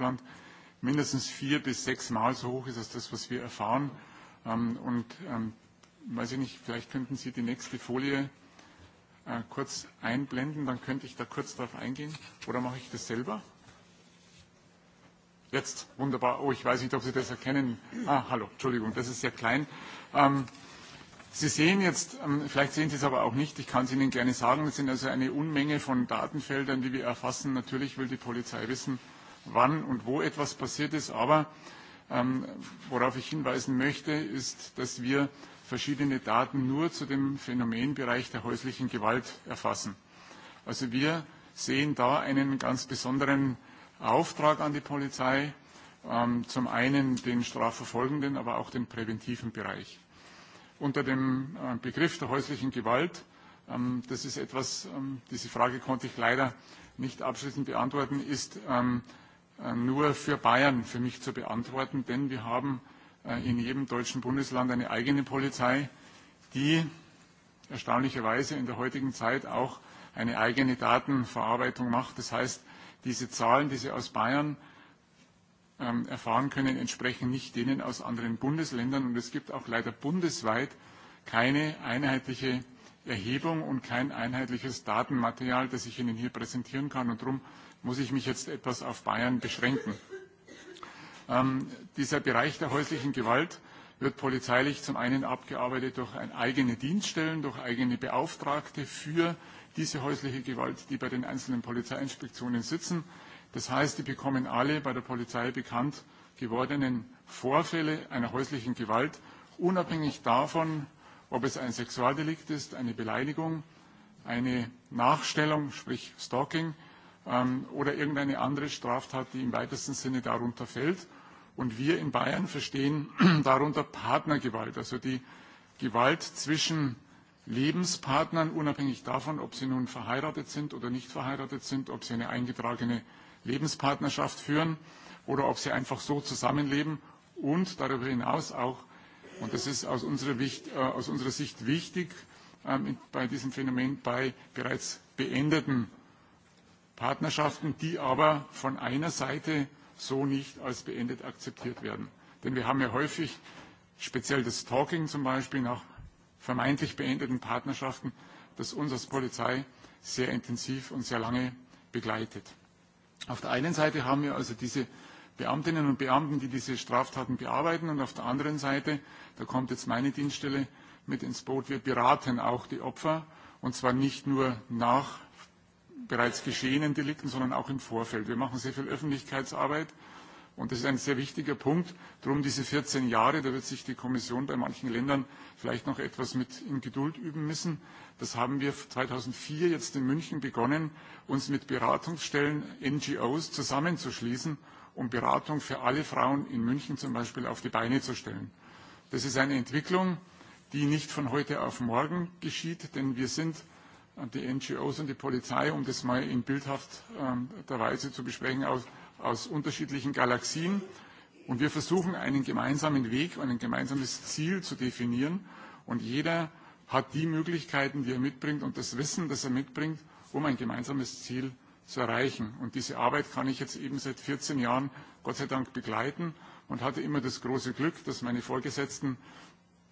Estland mindestens vier bis sechs Mal so hoch ist als das, was wir erfahren. Ähm, und ähm, weiß ich nicht, vielleicht könnten Sie die nächste Folie äh, kurz einblenden, dann könnte ich da kurz darauf eingehen. Oder mache ich das selber? Jetzt, wunderbar. Oh, ich weiß nicht, ob Sie das erkennen. Ah, hallo, Entschuldigung, das ist sehr klein. Ähm, Sie sehen jetzt, ähm, vielleicht sehen Sie es aber auch nicht, ich kann es Ihnen gerne sagen, es sind also eine Unmenge von Datenfeldern, die wir erfassen. Natürlich will die Polizei wissen, äh, wann und wo etwas passiert ist. Aber ähm, worauf ich hinweisen möchte, ist, dass wir verschiedene Daten nur zu dem Phänomenbereich der häuslichen Gewalt erfassen. Also wir sehen da einen ganz besonderen Auftrag an die Polizei, ähm, zum einen den strafverfolgenden, aber auch den präventiven Bereich. Unter dem äh, Begriff der häuslichen Gewalt, ähm, das ist etwas, ähm, diese Frage konnte ich leider nicht abschließend beantworten, ist ähm, Äh, nur für Bayern für mich zu beantworten, denn wir haben äh, in jedem deutschen Bundesland eine eigene Polizei, die erstaunlicherweise in der heutigen Zeit auch eine eigene Datenverarbeitung macht. Das heißt, diese Zahlen, die Sie aus Bayern ähm, erfahren können, entsprechen nicht denen aus anderen Bundesländern. Und es gibt auch leider bundesweit keine einheitliche Erhebung und kein einheitliches Datenmaterial, das ich Ihnen hier präsentieren kann. Und darum muss ich mich jetzt etwas auf Bayern beschränken. Ähm, dieser Bereich der häuslichen Gewalt wird polizeilich zum einen abgearbeitet durch ein eigene Dienststellen, durch eigene Beauftragte für diese häusliche Gewalt, die bei den einzelnen Polizeiinspektionen sitzen. Das heißt, die bekommen alle bei der Polizei bekannt gewordenen Vorfälle einer häuslichen Gewalt, unabhängig davon, ob es ein Sexualdelikt ist, eine Beleidigung, eine Nachstellung, sprich Stalking, ähm, oder irgendeine andere Straftat, die im weitesten Sinne darunter fällt. Und wir in Bayern verstehen darunter Partnergewalt, also die Gewalt zwischen Lebenspartnern, unabhängig davon, ob sie nun verheiratet sind oder nicht verheiratet sind, ob sie eine eingetragene Lebenspartnerschaft führen oder ob sie einfach so zusammenleben und darüber hinaus auch Und das ist aus unserer, Wicht, äh, aus unserer Sicht wichtig ähm, bei diesem Phänomen bei bereits beendeten Partnerschaften, die aber von einer Seite so nicht als beendet akzeptiert werden. Denn wir haben ja häufig speziell das Stalking zum Beispiel nach vermeintlich beendeten Partnerschaften, das uns als Polizei sehr intensiv und sehr lange begleitet. Auf der einen Seite haben wir also diese Beamtinnen und Beamten, die diese Straftaten bearbeiten. Und auf der anderen Seite, da kommt jetzt meine Dienststelle mit ins Boot, wir beraten auch die Opfer, und zwar nicht nur nach bereits geschehenen Delikten, sondern auch im Vorfeld. Wir machen sehr viel Öffentlichkeitsarbeit. Und das ist ein sehr wichtiger Punkt. Darum diese 14 Jahre, da wird sich die Kommission bei manchen Ländern vielleicht noch etwas mit in Geduld üben müssen. Das haben wir 2004 jetzt in München begonnen, uns mit Beratungsstellen, NGOs zusammenzuschließen um Beratung für alle Frauen in München zum Beispiel auf die Beine zu stellen. Das ist eine Entwicklung, die nicht von heute auf morgen geschieht, denn wir sind äh, die NGOs und die Polizei, um das mal in bildhafter ähm, Weise zu besprechen, aus, aus unterschiedlichen Galaxien. Und wir versuchen, einen gemeinsamen Weg und ein gemeinsames Ziel zu definieren. Und jeder hat die Möglichkeiten, die er mitbringt und das Wissen, das er mitbringt, um ein gemeinsames Ziel zu erreichen. Und diese Arbeit kann ich jetzt eben seit 14 Jahren Gott sei Dank begleiten und hatte immer das große Glück, dass meine Vorgesetzten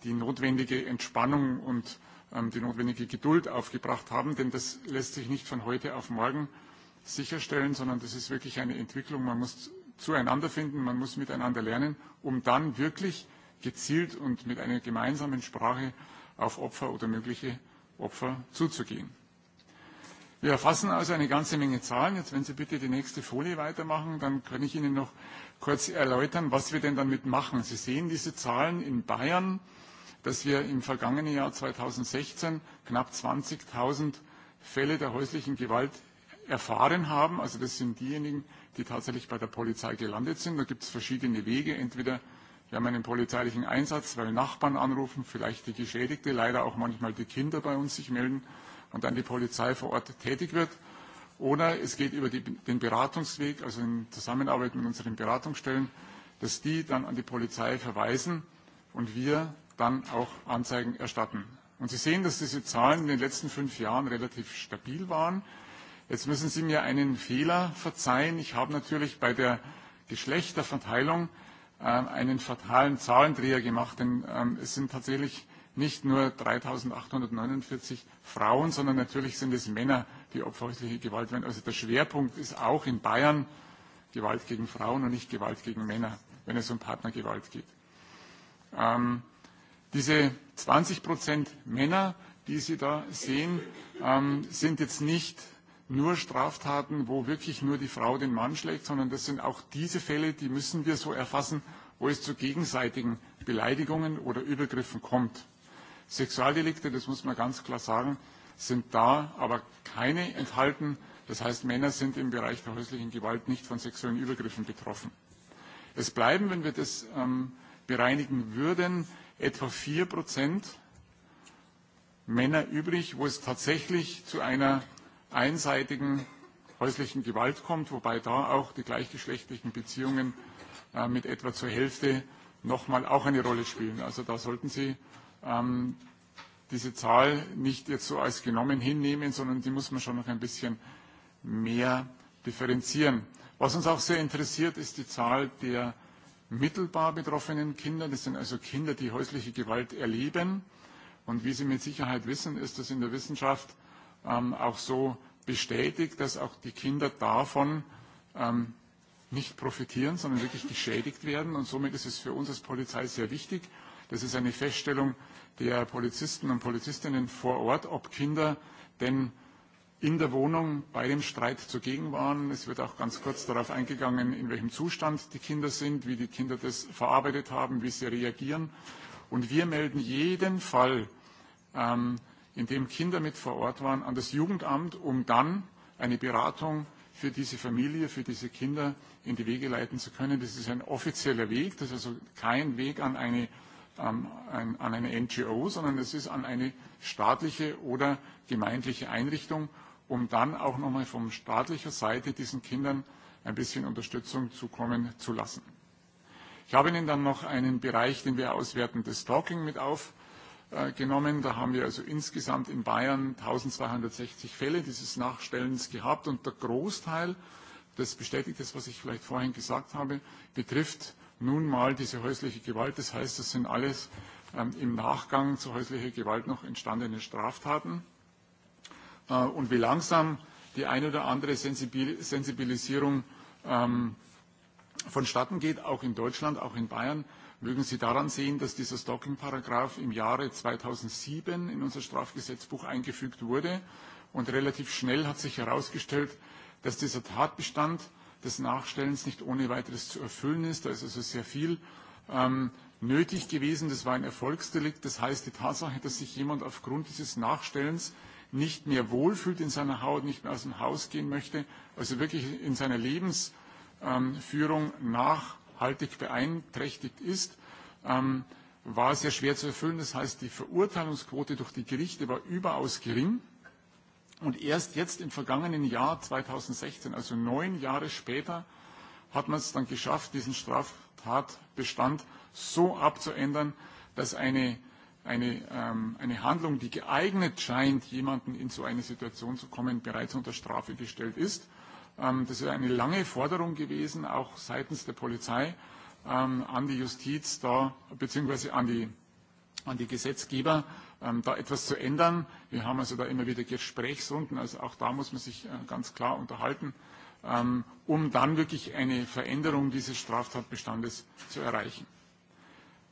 die notwendige Entspannung und ähm, die notwendige Geduld aufgebracht haben, denn das lässt sich nicht von heute auf morgen sicherstellen, sondern das ist wirklich eine Entwicklung. Man muss zueinander finden, man muss miteinander lernen, um dann wirklich gezielt und mit einer gemeinsamen Sprache auf Opfer oder mögliche Opfer zuzugehen. Wir erfassen also eine ganze Menge Zahlen. Jetzt, wenn Sie bitte die nächste Folie weitermachen, dann kann ich Ihnen noch kurz erläutern, was wir denn damit machen. Sie sehen diese Zahlen in Bayern, dass wir im vergangenen Jahr 2016 knapp 20.000 Fälle der häuslichen Gewalt erfahren haben. Also das sind diejenigen, die tatsächlich bei der Polizei gelandet sind. Da gibt es verschiedene Wege. Entweder wir haben einen polizeilichen Einsatz, weil Nachbarn anrufen, vielleicht die Geschädigte, leider auch manchmal die Kinder bei uns sich melden und dann die Polizei vor Ort tätig wird. Oder es geht über die, den Beratungsweg, also in Zusammenarbeit mit unseren Beratungsstellen, dass die dann an die Polizei verweisen und wir dann auch Anzeigen erstatten. Und Sie sehen, dass diese Zahlen in den letzten fünf Jahren relativ stabil waren. Jetzt müssen Sie mir einen Fehler verzeihen. Ich habe natürlich bei der Geschlechterverteilung äh, einen fatalen Zahlendreher gemacht, denn ähm, es sind tatsächlich nicht nur 3.849 Frauen, sondern natürlich sind es Männer, die Opfer häuslicher Gewalt werden. Also der Schwerpunkt ist auch in Bayern Gewalt gegen Frauen und nicht Gewalt gegen Männer, wenn es um Partnergewalt geht. Ähm, diese 20 Prozent Männer, die Sie da sehen, ähm, sind jetzt nicht nur Straftaten, wo wirklich nur die Frau den Mann schlägt, sondern das sind auch diese Fälle, die müssen wir so erfassen, wo es zu gegenseitigen Beleidigungen oder Übergriffen kommt. Sexualdelikte, das muss man ganz klar sagen, sind da, aber keine enthalten. Das heißt, Männer sind im Bereich der häuslichen Gewalt nicht von sexuellen Übergriffen betroffen. Es bleiben, wenn wir das ähm, bereinigen würden, etwa 4 Prozent Männer übrig, wo es tatsächlich zu einer einseitigen häuslichen Gewalt kommt, wobei da auch die gleichgeschlechtlichen Beziehungen äh, mit etwa zur Hälfte nochmal auch eine Rolle spielen. Also da sollten Sie ähm, diese Zahl nicht jetzt so als genommen hinnehmen, sondern die muss man schon noch ein bisschen mehr differenzieren. Was uns auch sehr interessiert, ist die Zahl der mittelbar betroffenen Kinder. Das sind also Kinder, die häusliche Gewalt erleben. Und wie Sie mit Sicherheit wissen, ist das in der Wissenschaft ähm, auch so bestätigt, dass auch die Kinder davon ähm, nicht profitieren, sondern wirklich geschädigt werden. Und somit ist es für uns als Polizei sehr wichtig, Das ist eine Feststellung der Polizisten und Polizistinnen vor Ort, ob Kinder denn in der Wohnung bei dem Streit zugegen waren. Es wird auch ganz kurz darauf eingegangen, in welchem Zustand die Kinder sind, wie die Kinder das verarbeitet haben, wie sie reagieren. Und wir melden jeden Fall, ähm, in dem Kinder mit vor Ort waren, an das Jugendamt, um dann eine Beratung für diese Familie, für diese Kinder in die Wege leiten zu können. Das ist ein offizieller Weg, das ist also kein Weg an eine ähm, an, an eine NGO, sondern es ist an eine staatliche oder gemeindliche Einrichtung, um dann auch nochmal von staatlicher Seite diesen Kindern ein bisschen Unterstützung zukommen zu lassen. Ich habe Ihnen dann noch einen Bereich, den wir auswerten, das Stalking mit aufgenommen. Äh, da haben wir also insgesamt in Bayern 1260 Fälle dieses Nachstellens gehabt und der Großteil, das bestätigt das, was ich vielleicht vorhin gesagt habe, betrifft äh, nun mal diese häusliche Gewalt. Das heißt, das sind alles ähm, im Nachgang zu häuslicher Gewalt noch entstandene Straftaten. Äh, und wie langsam die ein oder andere Sensibil Sensibilisierung ähm, vonstatten geht, auch in Deutschland, auch in Bayern, mögen Sie daran sehen, dass dieser Stalking-Paragraph im Jahre 2007 in unser Strafgesetzbuch eingefügt wurde. Und relativ schnell hat sich herausgestellt, dass dieser Tatbestand des Nachstellens nicht ohne weiteres zu erfüllen ist. Da ist also sehr viel ähm, nötig gewesen. Das war ein Erfolgsdelikt. Das heißt, die Tatsache, dass sich jemand aufgrund dieses Nachstellens nicht mehr wohlfühlt in seiner Haut, nicht mehr aus dem Haus gehen möchte, also wirklich in seiner Lebensführung ähm, nachhaltig beeinträchtigt ist, ähm, war sehr schwer zu erfüllen. Das heißt, die Verurteilungsquote durch die Gerichte war überaus gering. Und erst jetzt im vergangenen Jahr 2016, also neun Jahre später, hat man es dann geschafft, diesen Straftatbestand so abzuändern, dass eine, eine, ähm, eine Handlung, die geeignet scheint, jemanden in so eine Situation zu kommen, bereits unter Strafe gestellt ist. Ähm, das ist eine lange Forderung gewesen, auch seitens der Polizei ähm, an die Justiz da, beziehungsweise an die, an die Gesetzgeber, äh, ähm, da etwas zu ändern. Wir haben also da immer wieder Gesprächsrunden, also auch da muss man sich äh, ganz klar unterhalten, ähm, um dann wirklich eine Veränderung dieses Straftatbestandes zu erreichen.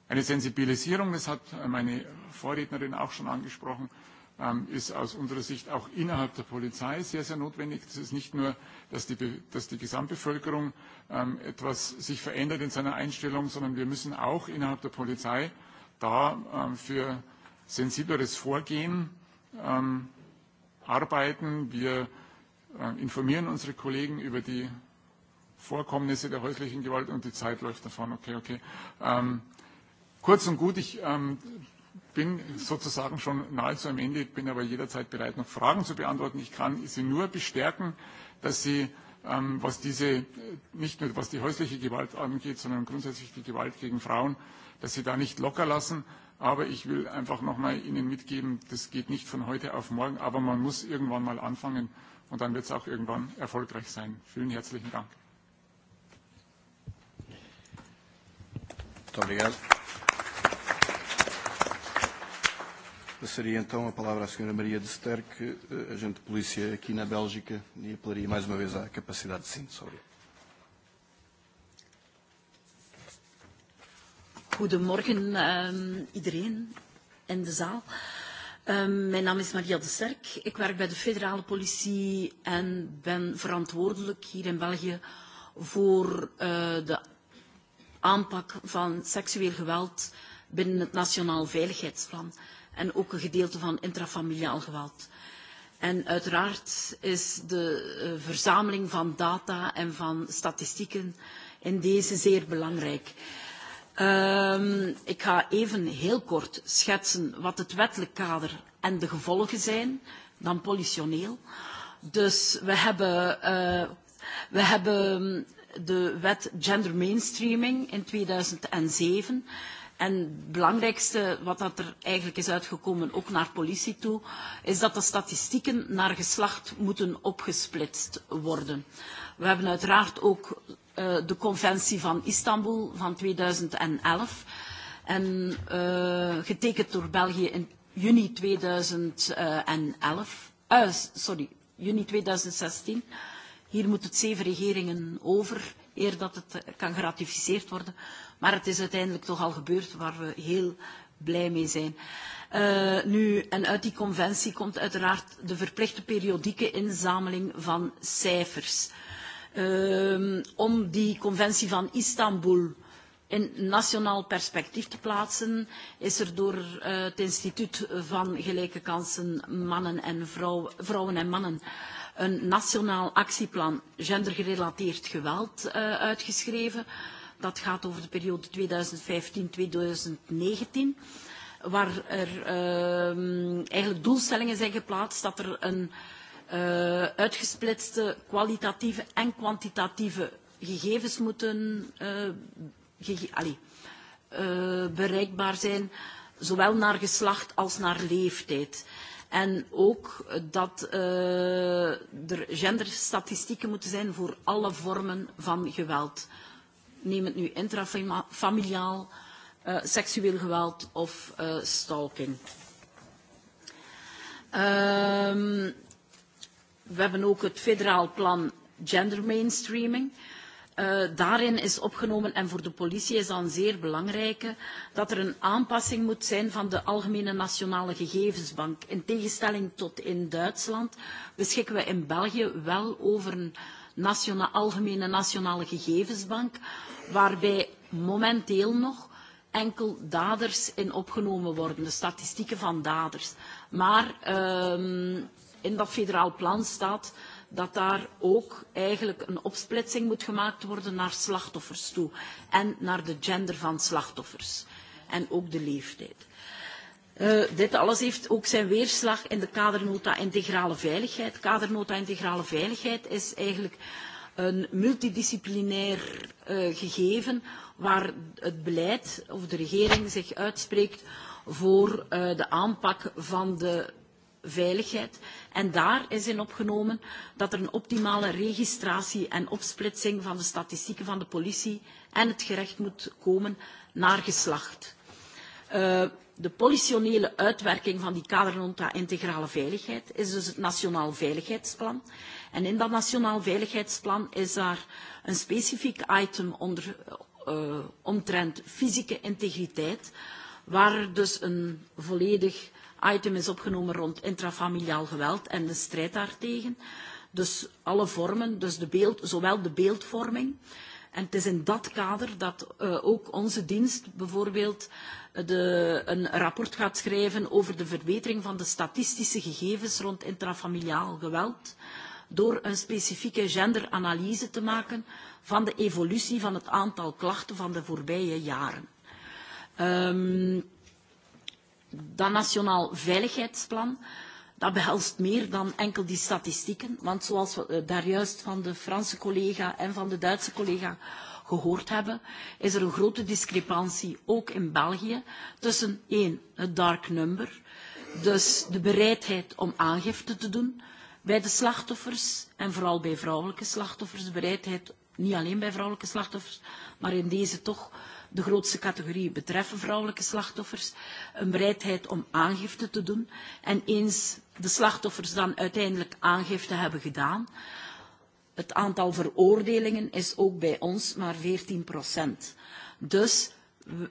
Eine Sensibilisierung, das hat äh, meine Vorrednerin auch schon angesprochen, ähm, ist aus unserer Sicht auch innerhalb der Polizei sehr, sehr notwendig. Es ist nicht nur, dass die, dass die Gesamtbevölkerung ähm, etwas sich verändert in seiner Einstellung, sondern wir müssen auch innerhalb der Polizei da ähm, für sensibleres Vorgehen ähm, arbeiten. Wir äh, informieren unsere Kollegen über die Vorkommnisse der häuslichen Gewalt und die Zeit läuft davon. Okay, okay. Ähm, kurz und gut, ich ähm, bin sozusagen schon nahezu am Ende, bin aber jederzeit bereit, noch Fragen zu beantworten. Ich kann Sie nur bestärken, dass Sie, ähm, was diese, nicht nur was die häusliche Gewalt angeht, sondern grundsätzlich die Gewalt gegen Frauen, dass Sie da nicht locker lassen. Aber ich will einfach nochmal Ihnen mitgeben, das geht nicht von heute auf morgen, aber man muss irgendwann mal anfangen und dann wird es auch irgendwann erfolgreich sein. Vielen herzlichen Dank. Muito obrigado. Passaria então a palavra à Sra. Maria de Sterck, eh, agente de polícia aqui na Bélgica, e apelaria mais uma vez à capacidade de síntese. Obrigado. Goedemorgen um, iedereen in de zaal. Um, mijn naam is Maria de Sterk. Ik werk bij de federale politie en ben verantwoordelijk hier in België voor uh, de aanpak van seksueel geweld binnen het Nationaal Veiligheidsplan en ook een gedeelte van intrafamiliaal geweld. En uiteraard is de uh, verzameling van data en van statistieken in deze zeer belangrijk. Uh, Um, ik ga even heel kort schetsen wat het wettelijk kader en de gevolgen zijn, dan politioneel. Dus we hebben, uh, we hebben de wet gender mainstreaming in 2007. En het belangrijkste wat dat er eigenlijk is uitgekomen, ook naar politie toe, is dat de statistieken naar geslacht moeten opgesplitst worden. We hebben uiteraard ook uh, de conventie van Istanbul van 2011. En uh, getekend door België in juni 2011. Uh, eh, sorry, juni 2016. Hier moet het zeven regeringen over, eer dat het kan geratificeerd worden. Maar het is uiteindelijk toch al gebeurd, waar we heel blij mee zijn. Uh, nu, en uit die conventie komt uiteraard de verplichte periodieke inzameling van cijfers. Uh, um, om die conventie van Istanbul in nationaal perspectief te plaatsen, is er door uh, het instituut van gelijke kansen mannen en vrouw, vrouwen en mannen een nationaal actieplan gendergerelateerd geweld uh, uitgeschreven. Dat gaat over de periode 2015-2019 waar er uh, eigenlijk doelstellingen zijn geplaatst dat er een uh, uh, uitgesplitste kwalitatieve en kwantitatieve gegevens moeten uh, gege allee, uh, bereikbaar zijn, zowel naar geslacht als naar leeftijd. En ook dat uh, er genderstatistieken moeten zijn voor alle vormen van geweld. Neem het nu intrafamiliaal, uh, seksueel geweld of uh, stalking. Um, We hebben ook het federaal plan gender mainstreaming. Uh, daarin is opgenomen, en voor de politie is dat een zeer belangrijke, dat er een aanpassing moet zijn van de Algemene Nationale Gegevensbank. In tegenstelling tot in Duitsland beschikken we in België wel over een nationale, Algemene Nationale Gegevensbank, waarbij momenteel nog enkel daders in opgenomen worden, de statistieken van daders. Maar... Uh, in dat federaal plan staat dat daar ook eigenlijk een opsplitsing moet gemaakt worden naar slachtoffers toe en naar de gender van slachtoffers en ook de leeftijd. Uh, dit alles heeft ook zijn weerslag in de kadernota integrale veiligheid. Kadernota integrale veiligheid is eigenlijk een multidisciplinair uh, gegeven waar het beleid of de regering zich uitspreekt voor uh, de aanpak van de veiligheid. En daar is in opgenomen dat er een optimale registratie en opsplitsing van de statistieken van de politie en het gerecht moet komen naar geslacht. Uh, de politionele uitwerking van die kadernota integrale veiligheid is dus het Nationaal Veiligheidsplan. En in dat Nationaal Veiligheidsplan is daar een specifiek item onder, uh, omtrent fysieke integriteit, waar er dus een volledig item is opgenomen rond intrafamiliaal geweld en de strijd daartegen. Dus alle vormen, dus de beeld, zowel de beeldvorming. En het is in dat kader dat uh, ook onze dienst bijvoorbeeld eh, de, een rapport gaat schrijven over de verbetering van de statistische gegevens rond intrafamiliaal geweld. Door een specifieke genderanalyse te maken van de evolutie van het aantal klachten van de voorbije jaren. Um, dat Nationaal Veiligheidsplan, dat behelst meer dan enkel die statistieken. Want zoals we eh, daar juist van de Franse collega en van de Duitse collega gehoord hebben, is er een grote discrepantie, ook in België, tussen één, het dark number, dus de bereidheid om aangifte te doen bij de slachtoffers en vooral bij vrouwelijke slachtoffers, de bereidheid niet alleen bij vrouwelijke slachtoffers, maar in deze toch de grootste categorieën betreffen vrouwelijke slachtoffers, een bereidheid om aangifte te doen. En eens de slachtoffers dan uiteindelijk aangifte hebben gedaan, het aantal veroordelingen is ook bij ons maar 14 procent. Dus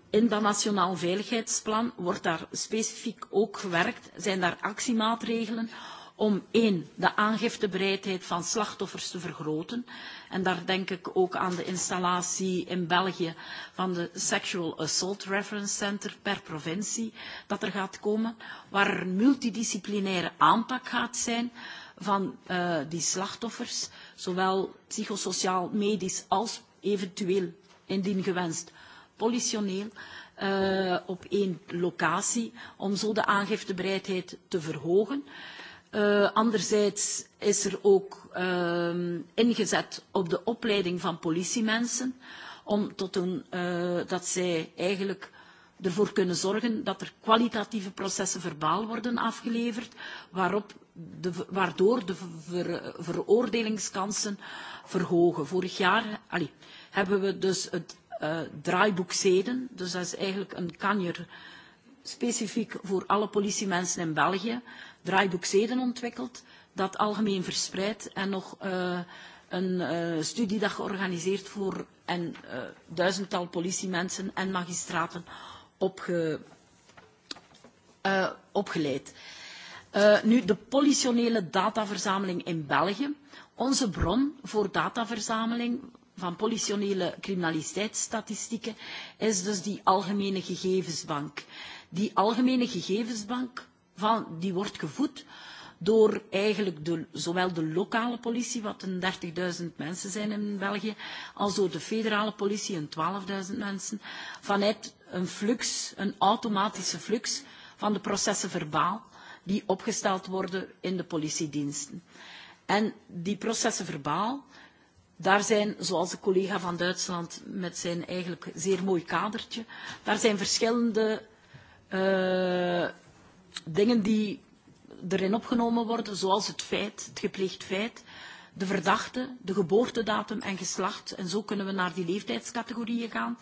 in dat Nationaal Veiligheidsplan wordt daar specifiek ook gewerkt, zijn daar actiemaatregelen om één, de aangiftebreedheid van slachtoffers te vergroten. En daar denk ik ook aan de installatie in België van de Sexual Assault Reference Center per provincie dat er gaat komen, waar er een multidisciplinaire aanpak gaat zijn van uh, die slachtoffers, zowel psychosociaal, medisch als eventueel, indien gewenst, politioneel uh, op één locatie om zo de aangiftebereidheid te verhogen. Uh, anderzijds is er ook uh, ingezet op de opleiding van politiemensen, om tot een, uh, dat zij eigenlijk ervoor kunnen zorgen dat er kwalitatieve processen verbaal worden afgeleverd, waarop de, waardoor de ver, veroordelingskansen verhogen. Vorig jaar allee, hebben we dus het uh, draaiboek zeden, dus dat is eigenlijk een kanjer specifiek voor alle politiemensen in België, draaiboek zeden ontwikkeld, dat algemeen verspreid en nog uh, een uh, studiedag georganiseerd voor en uh, duizendtal politiemensen en magistraten opge, uh, opgeleid. Uh, nu, de politionele dataverzameling in België. Onze bron voor dataverzameling van politionele criminaliteitsstatistieken is dus die algemene gegevensbank. Die algemene gegevensbank van, die wordt gevoed door eigenlijk de, zowel de lokale politie, wat een 30.000 mensen zijn in België, als door de federale politie, een 12.000 mensen, vanuit een flux, een automatische flux van de processen verbaal die opgesteld worden in de politiediensten. En die processen verbaal, daar zijn, zoals de collega van Duitsland met zijn eigenlijk zeer mooi kadertje, daar zijn verschillende uh, dingen die erin opgenomen worden, zoals het feit, het gepleegd feit, de verdachte, de geboortedatum en geslacht. En zo kunnen we naar die leeftijdscategorieën gaan.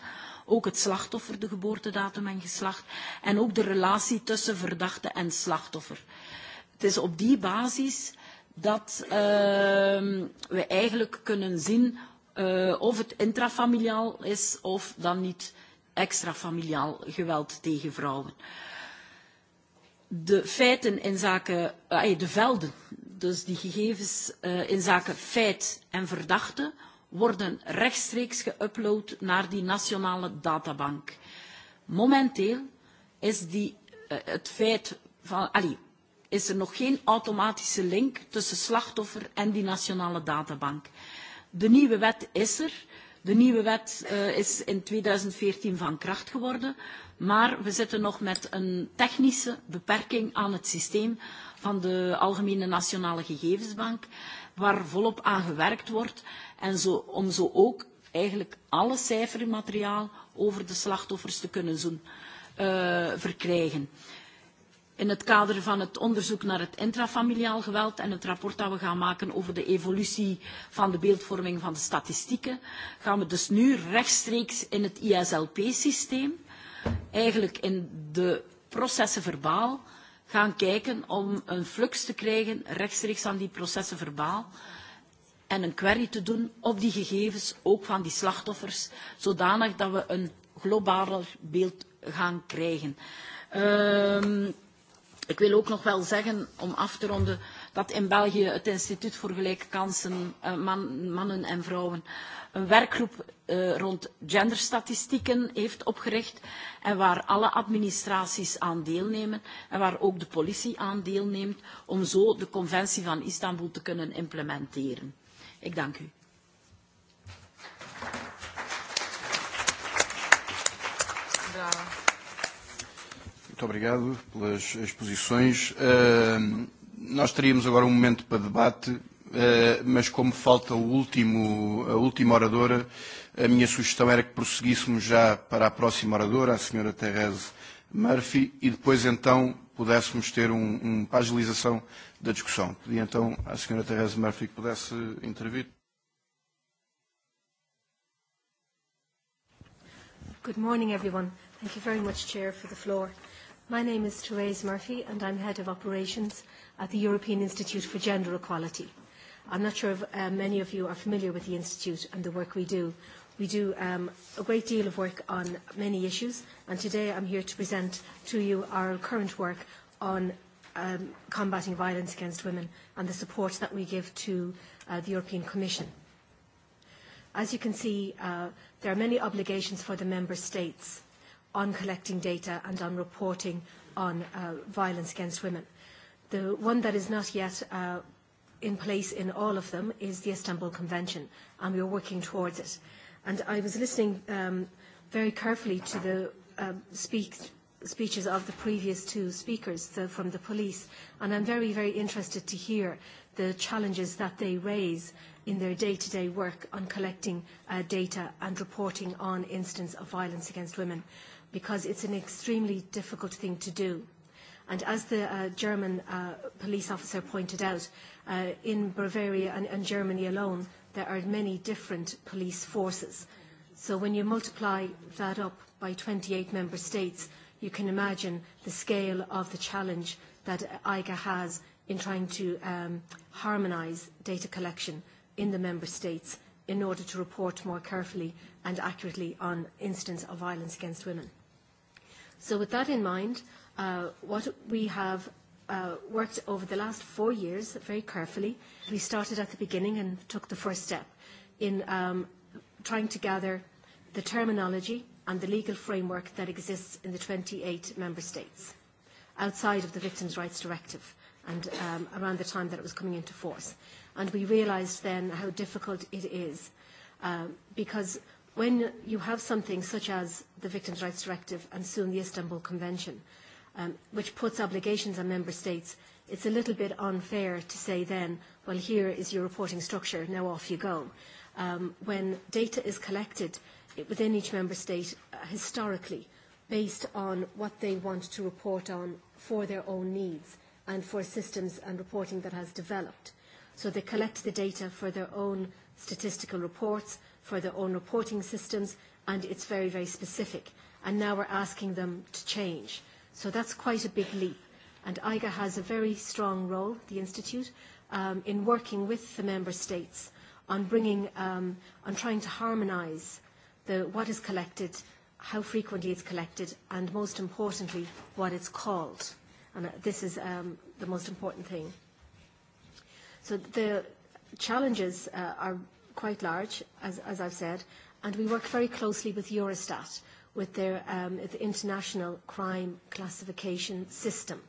Ook het slachtoffer, de geboortedatum en geslacht. En ook de relatie tussen verdachte en slachtoffer. Het is op die basis dat uh, we eigenlijk kunnen zien uh, of het intrafamiliaal is of dan niet extrafamiliaal geweld tegen vrouwen. Uh, de feiten in zaken, uh, de velden, dus die gegevens uh, in zaken feit en verdachte, worden rechtstreeks geüpload naar die nationale databank. Momenteel is, die, uh, het feit van, allee, is er nog geen automatische link tussen slachtoffer en die nationale databank. De nieuwe wet is er. De nieuwe wet uh, is in 2014 van kracht geworden. Maar we zitten nog met een technische beperking aan het systeem van de Algemene Nationale Gegevensbank, waar volop aan gewerkt wordt en zo, om zo ook eigenlijk alle cijfermateriaal over de slachtoffers te kunnen zoen, uh, verkrijgen. In het kader van het onderzoek naar het intrafamiliaal geweld en het rapport dat we gaan maken over de evolutie van de beeldvorming van de statistieken, gaan we dus nu rechtstreeks in het ISLP-systeem eigenlijk in de processen verbaal gaan kijken om een flux te krijgen rechtstreeks aan die processen verbaal en een query te doen op die gegevens, ook van die slachtoffers, zodanig dat we een globaler beeld gaan krijgen. Um, ik wil ook nog wel zeggen, om af te ronden, dat in België het Instituut voor Gelijke Kansen uh, man, Mannen en Vrouwen een werkgroep uh, rond genderstatistieken heeft opgericht en waar alle administraties aan deelnemen en waar ook de politie aan deelneemt om zo de conventie van Istanbul te kunnen implementeren. Ik dank u. Muito obrigado pelas exposições. Uh, nós teríamos agora um momento para debate, eh, mas como falta o último, a última oradora, a minha sugestão era que prosseguíssemos já para a próxima oradora, a senhora Therese Murphy, e depois então pudéssemos ter um, um, uma agilização da discussão. Pedi então à senhora Therese Murphy que pudesse intervir. Good morning, everyone. Thank you very much, Chair, for the floor. My name is Therese Murphy, and I'm Head of Operations at the European Institute for Gender Equality. I'm not sure if uh, many of you are familiar with the Institute and the work we do. We do um, a great deal of work on many issues, and today I'm here to present to you our current work on um, combating violence against women and the support that we give to uh, the European Commission. As you can see, uh, there are many obligations for the member states on collecting data and on reporting on uh, violence against women. The one that is not yet uh, in place in all of them is the Istanbul Convention, and we are working towards it. And I was listening um, very carefully to the uh, speak, speeches of the previous two speakers the, from the police, and I'm very, very interested to hear the challenges that they raise in their day-to-day -day work on collecting uh, data and reporting on incidents of violence against women. Uh, because it's an extremely difficult thing to do. And as the uh, German uh, police officer pointed out, uh, in Bavaria and, and Germany alone, there are many different police forces. So when you multiply that up by 28 member states, you can imagine the scale of the challenge that IGA has in trying to um, harmonise data collection in the member states in order to report more carefully and accurately on incidents of violence against women. So with that in mind, uh, what we have uh, worked over the last four years very carefully, we started at the beginning and took the first step in um, trying to gather the terminology and the legal framework that exists in the 28 member states outside of the Victims' Rights Directive and um, around the time that it was coming into force. And we realised then how difficult it is um, because – when you have something such as the Victims' Rights Directive and soon the Istanbul Convention, um, which puts obligations on member states, it's a little bit unfair to say then, well, here is your reporting structure, now off you go. Um, when data is collected it, within each member state uh, historically, based on what they want to report on for their own needs and for systems and reporting that has developed. So they collect the data for their own statistical reports, for their own reporting systems, and it's very, very specific. And now we're asking them to change. So that's quite a big leap. And IGA has a very strong role, the Institute, um, in working with the member states on bringing, um, on trying to harmonise the, what is collected, how frequently it's collected, and most importantly, what it's called. And uh, this is um, the most important thing. So the challenges uh, are quite large, as, as I've said, and we work very closely with Eurostat, with their um, the international crime classification system,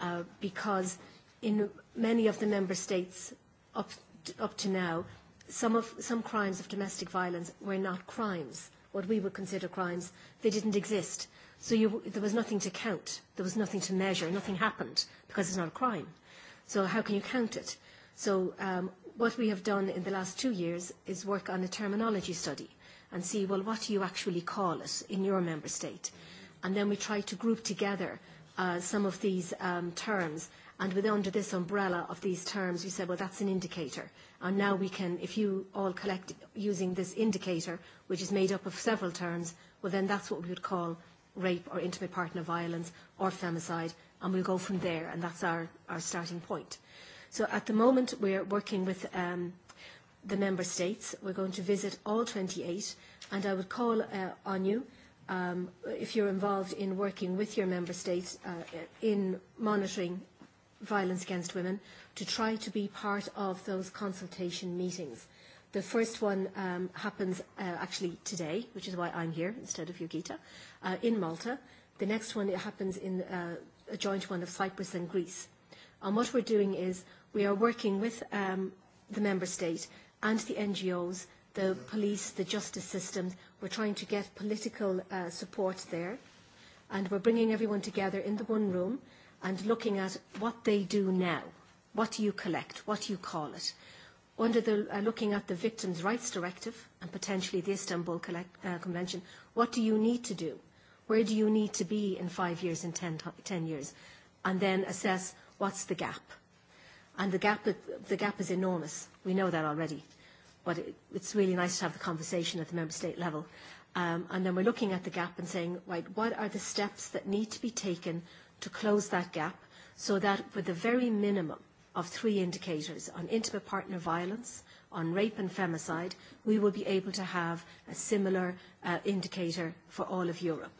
uh, because in many of the member states up to, up to now, some of some crimes of domestic violence were not crimes, what we would consider crimes. They didn't exist, so you, there was nothing to count, there was nothing to measure, nothing happened because it's not a crime. So how can you count it? So um, what we have done in the last two years is work on a terminology study and see, well, what do you actually call it in your member state? And then we try to group together uh, some of these um, terms. And with under this umbrella of these terms, we said, well, that's an indicator. And now we can, if you all collect using this indicator, which is made up of several terms, well, then that's what we would call rape or intimate partner violence or femicide. And we'll go from there. And that's our, our starting point. Uh, So at the moment, we're working with um, the member states. We're going to visit all 28, and I would call uh, on you um, if you're involved in working with your member states uh, in monitoring violence against women to try to be part of those consultation meetings. The first one um, happens uh, actually today, which is why I'm here instead of Yogita, uh, in Malta. The next one happens in uh, a joint one of Cyprus and Greece. Uh, And what we're doing is we are working with um, the member state and the NGOs, the police, the justice system. We're trying to get political uh, support there. And we're bringing everyone together in the one room and looking at what they do now. What do you collect? What do you call it? Under the, uh, looking at the Victims' Rights Directive and potentially the Istanbul collect, uh, Convention, what do you need to do? Where do you need to be in five years, in ten, ten years? And then assess what's the gap? And the gap, the gap is enormous. We know that already. But it, it's really nice to have the conversation at the member state level. Um, and then we're looking at the gap and saying, right, what are the steps that need to be taken to close that gap so that with the very minimum of three indicators on intimate partner violence, on rape and femicide, we will be able to have a similar uh, indicator for all of Europe.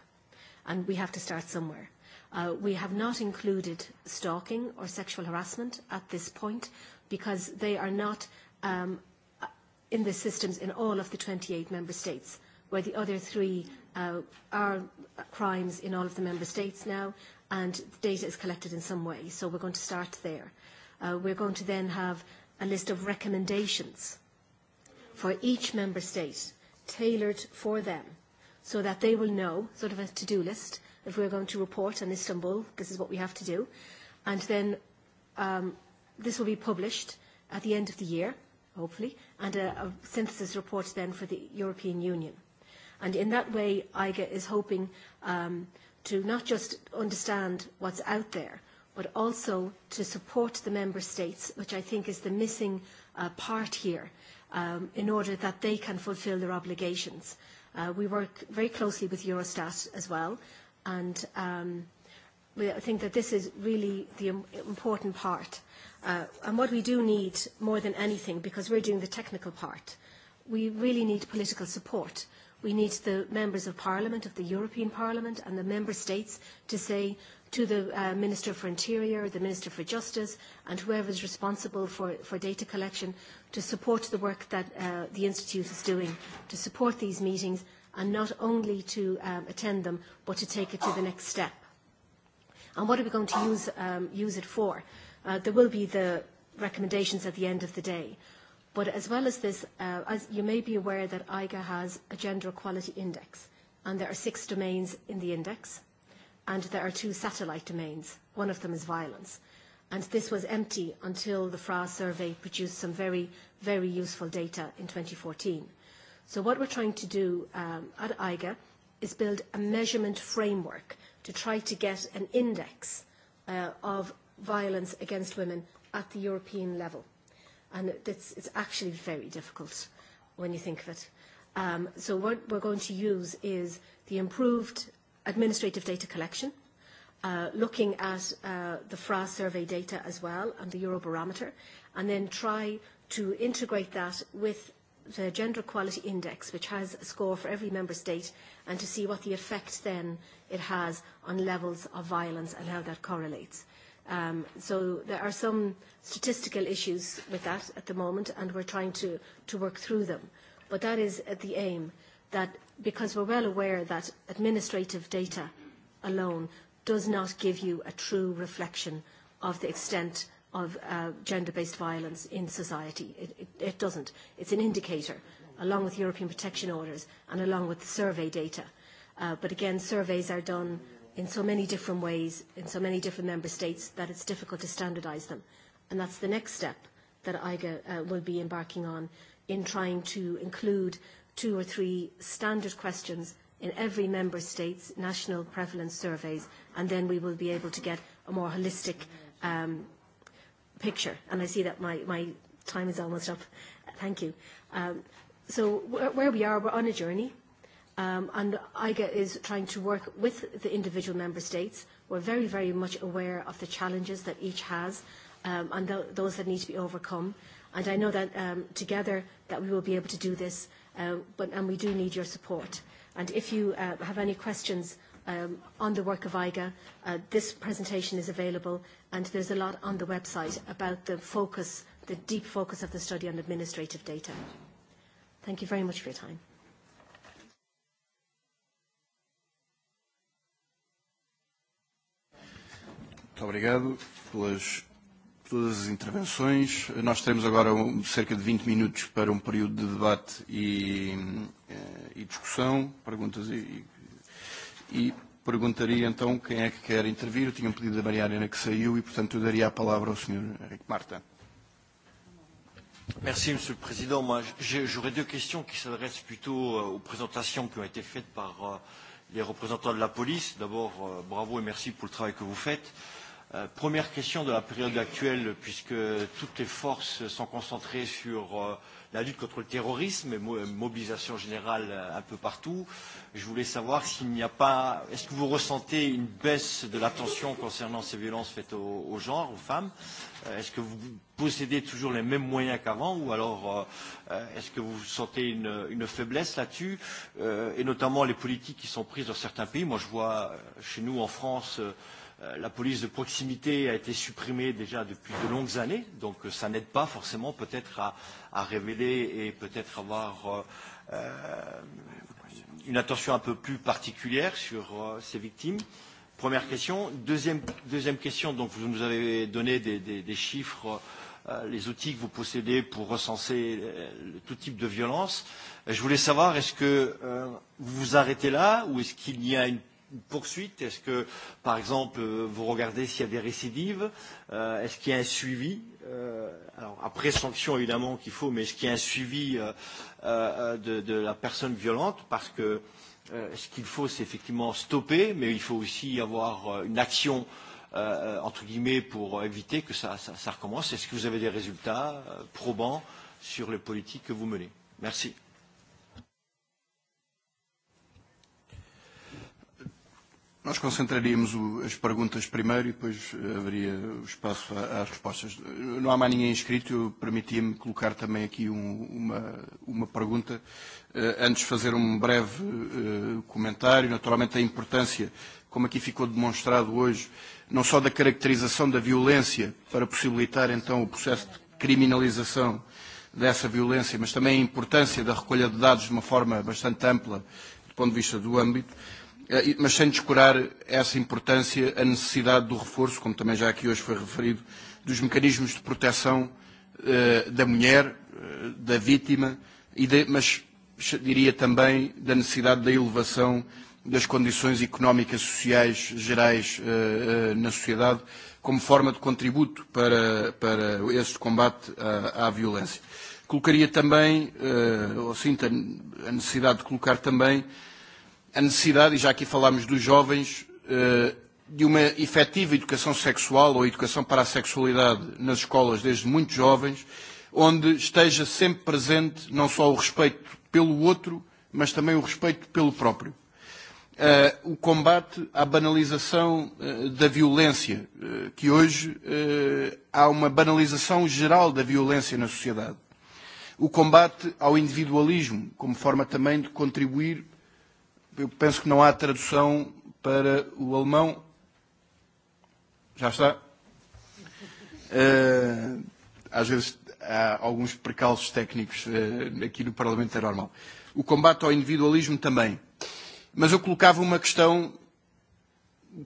And we have to start somewhere. Uh, we have not included stalking or sexual harassment at this point because they are not um, uh, in the systems in all of the 28 member states, where the other three uh, are crimes in all of the member states now, and data is collected in some way. So we're going to start there. Uh, we're going to then have a list of recommendations for each member state tailored for them so that they will know, sort of a to-do list, if we're going to report on Istanbul, this is what we have to do. And then um, this will be published at the end of the year, hopefully, and a, a synthesis report then for the European Union. And in that way, IGA is hoping um, to not just understand what's out there, but also to support the member states, which I think is the missing uh, part here, um, in order that they can fulfil their obligations. Uh, we work very closely with Eurostat as well, And um, I think that this is really the important part. Uh, and what we do need more than anything, because we're doing the technical part, we really need political support. We need the members of parliament, of the European Parliament and the member states to say to the uh, Minister for Interior, the Minister for Justice and whoever is responsible for, for data collection to support the work that uh, the Institute is doing, to support these meetings and not only to um, attend them, but to take it to the next step. And what are we going to use, um, use it for? Uh, there will be the recommendations at the end of the day. But as well as this, uh, as you may be aware that IGA has a gender equality index, and there are six domains in the index, and there are two satellite domains. One of them is violence. And this was empty until the FRA survey produced some very, very useful data in 2014. So what we're trying to do um, at IGA is build a measurement framework to try to get an index uh, of violence against women at the European level. And it's, it's actually very difficult when you think of it. Um, so what we're going to use is the improved administrative data collection, uh, looking at uh, the FRA survey data as well and the Eurobarometer, and then try to integrate that with the Gender Equality Index, which has a score for every member state, and to see what the effect then it has on levels of violence and how that correlates. Um, so there are some statistical issues with that at the moment, and we're trying to, to work through them. But that is the aim, that because we're well aware that administrative data alone does not give you a true reflection of the extent of uh, gender-based violence in society. It, it, it doesn't. It's an indicator, along with European protection orders and along with survey data. Uh, but again, surveys are done in so many different ways in so many different member states that it's difficult to standardise them. And that's the next step that IGA uh, will be embarking on in trying to include two or three standard questions in every member state's national prevalence surveys, and then we will be able to get a more holistic um, picture. And I see that my, my time is almost up. Thank you. Um, so where, where we are, we're on a journey. Um, and IGA is trying to work with the individual member states. We're very, very much aware of the challenges that each has um, and th- those that need to be overcome. And I know that um, together that we will be able to do this, uh, but, and we do need your support. And if you uh, have any questions um, on the work of IGA. Uh, this presentation is available, and there's a lot on the website about the focus, the deep focus of the study on administrative data. Thank you very much for your time. Muito obrigado pelas todas as intervenções. Nós teremos agora um, cerca de 20 minutos para um período de debate e, eh, e discussão, perguntas e, e e perguntaria então quem é que quer intervir. Eu tinha um pedido da Mariana que saiu e, portanto, eu daria a palavra ao Sr. Marta. Merci, Monsieur le Président. Moi, j'aurais deux questions qui s'adressent plutôt euh, aux présentations qui ont été faites par euh, les représentants de la police. D'abord, euh, bravo et merci pour le travail que vous faites. Euh, première question de la période actuelle, puisque toutes les forces sont concentrées sur euh, la lutte contre le terrorisme, mobilisation générale euh, un peu partout. Je voulais savoir s'il n'y a pas, est-ce que vous ressentez une baisse de l'attention concernant ces violences faites au, au genre, aux femmes euh, Est-ce que vous possédez toujours les mêmes moyens qu'avant ou alors euh, euh est-ce que vous sentez une, une faiblesse là-dessus euh, et notamment les politiques qui sont prises dans certains pays Moi, je vois chez nous en France. Euh, Euh, la police de proximité a été supprimée déjà depuis de longues années, donc euh, ça n'aide pas forcément peut-être à, à révéler et peut-être avoir euh, euh, une attention un peu plus particulière sur euh, ces victimes. Première question. Deuxième, deuxième question, donc vous nous avez donné des, des, des chiffres, euh, les outils que vous possédez pour recenser euh, tout type de violence. Je voulais savoir, est-ce que euh, vous vous arrêtez là ou est-ce qu'il y a une poursuite Est-ce que, par exemple, euh, vous regardez s'il y a des récidives euh, Est-ce qu'il y a un suivi euh, Alors, après sanction, évidemment, qu'il faut, mais est-ce qu'il y a un suivi euh, euh, de, de la personne violente Parce que euh, ce qu'il faut, c'est effectivement stopper, mais il faut aussi avoir euh, une action, euh, entre guillemets, pour éviter que ça, ça, ça recommence. Est-ce que vous avez des résultats euh, probants sur les politiques que vous menez Merci. Nós concentraríamos o, as perguntas primeiro e depois haveria espaço às respostas. Não há mais ninguém inscrito, eu permitia-me colocar também aqui um, uma, uma pergunta, uh, antes de fazer um breve uh, comentário, naturalmente a importância, como aqui ficou demonstrado hoje, não só da caracterização da violência para possibilitar então o processo de criminalização dessa violência, mas também a importância da recolha de dados de uma forma bastante ampla do ponto de vista do âmbito, uh, Eh, e- mas sem descurar essa importância, a necessidade do reforço, como também já aqui hoje foi referido, dos mecanismos de proteção uh, da mulher, uh, da vítima, e de, mas diria também da necessidade da elevação das condições económicas, sociais, gerais uh, uh, na sociedade, como forma de contributo para, para este combate à, à violência. Colocaria também, uh, ou sinto a necessidade de colocar também, uh, a necessidade, e já aqui falámos dos jovens, eh, de uma efetiva educação sexual ou educação para a sexualidade nas escolas desde muito jovens, onde esteja sempre presente não só o respeito pelo outro, mas também o respeito pelo próprio. Uh, o combate à banalização uh, da violência, uh, que hoje uh, há uma banalização geral da violência na sociedade. O combate ao individualismo, como forma também de contribuir Eu penso que não há tradução para o alemão. Já está? Uh, às vezes há alguns precalços técnicos uh, aqui no Parlamento, é normal. O combate ao individualismo também. Mas eu colocava uma questão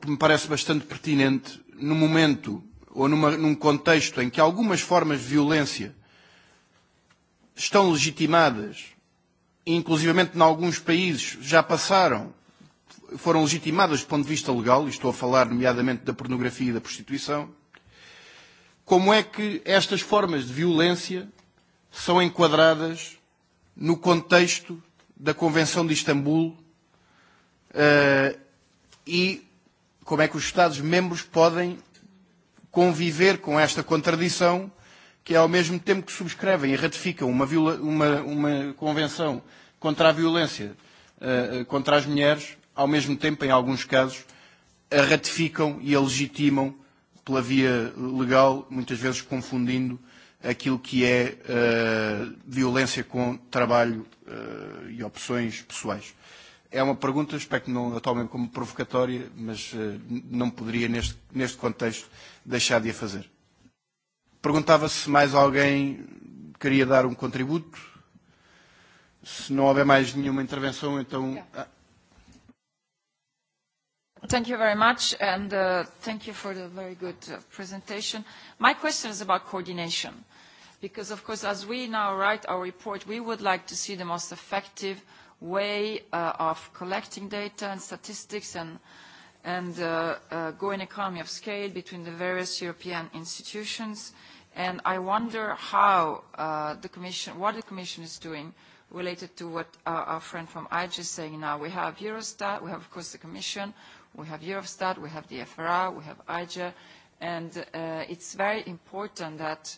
que me parece bastante pertinente no momento ou numa, num contexto em que algumas formas de violência estão legitimadas inclusivamente em alguns países, já passaram, foram legitimadas do ponto de vista legal, e estou a falar nomeadamente da pornografia e da prostituição, como é que estas formas de violência são enquadradas no contexto da Convenção de Istambul uh, e como é que os Estados-membros podem conviver com esta contradição que ao mesmo tempo que subscrevem e ratificam uma, viola, uma, uma convenção contra a violência uh, contra as mulheres, ao mesmo tempo, em alguns casos, a ratificam e a legitimam pela via legal, muitas vezes confundindo aquilo que é uh, violência com trabalho uh, e opções pessoais. É uma pergunta, espero que não a tomem como provocatória, mas uh, não poderia, neste, neste contexto, deixar de a fazer. Perguntava se mais alguém queria dar um contributo. Se não houver mais nenhuma intervenção, então. Yeah. Ah. Thank you very much, and uh, thank you for the very good uh, presentation. My question is about coordination, because of course, as we now write our report, we would like to see the most effective way uh, of collecting data and statistics and, and uh, uh, growing economy of scale between the various European institutions. Uh, And I wonder how uh, the Commission, what the Commission is doing related to what uh, our friend from IG is saying now. We have Eurostat, we have, of course, the Commission, we have Eurostat, we have the FRA, we have IG, and uh, it's very important that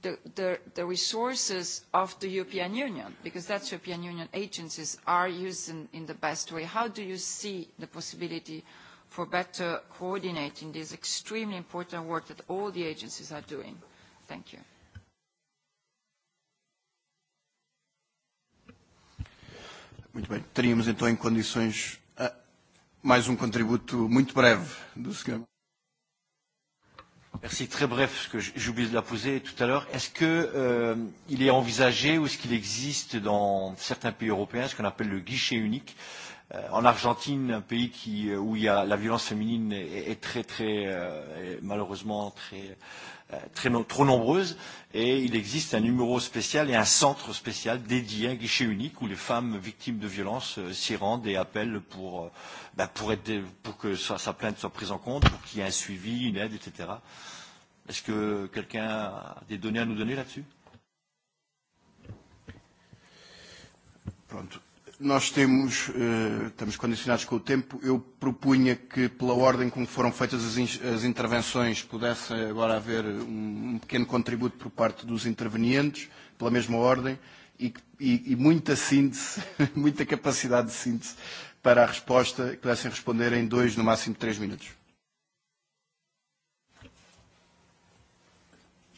the, the, the resources of the European Union, because that's European Union agencies, are used in, in the best way. How do you see the possibility of for better coordinating this extremely important work that all the agencies are doing. Thank you. Muito bem. Teríamos então em condições uh, mais um contributo muito breve do Sr. Merci. Très bref, parce que j'ai oublié de la poser tout à l'heure. Est-ce qu'il euh, est envisagé ou est-ce qu'il existe dans certains pays européens ce qu'on appelle le guichet unique euh, Euh, en Argentine, un pays qui, euh, où il y a, la violence féminine est, est très, très, euh, est malheureusement très, euh, très no, trop nombreuse, et il existe un numéro spécial et un centre spécial dédié, un guichet unique, où les femmes victimes de violences euh, s'y rendent et appellent pour, euh, bah, pour, aider, pour que sa, sa plainte soit prise en compte, pour qu'il y ait un suivi, une aide, etc. Est-ce que quelqu'un a des données à nous donner là-dessus Pronto nós temos, uh, estamos condicionados com o tempo. Eu propunha que, pela ordem como foram feitas as, in as intervenções, pudesse agora haver um, um pequeno contributo por parte dos intervenientes, pela mesma ordem, e, e, e muita síntese, muita capacidade de síntese para a resposta, que pudessem responder em dois, no máximo três minutos.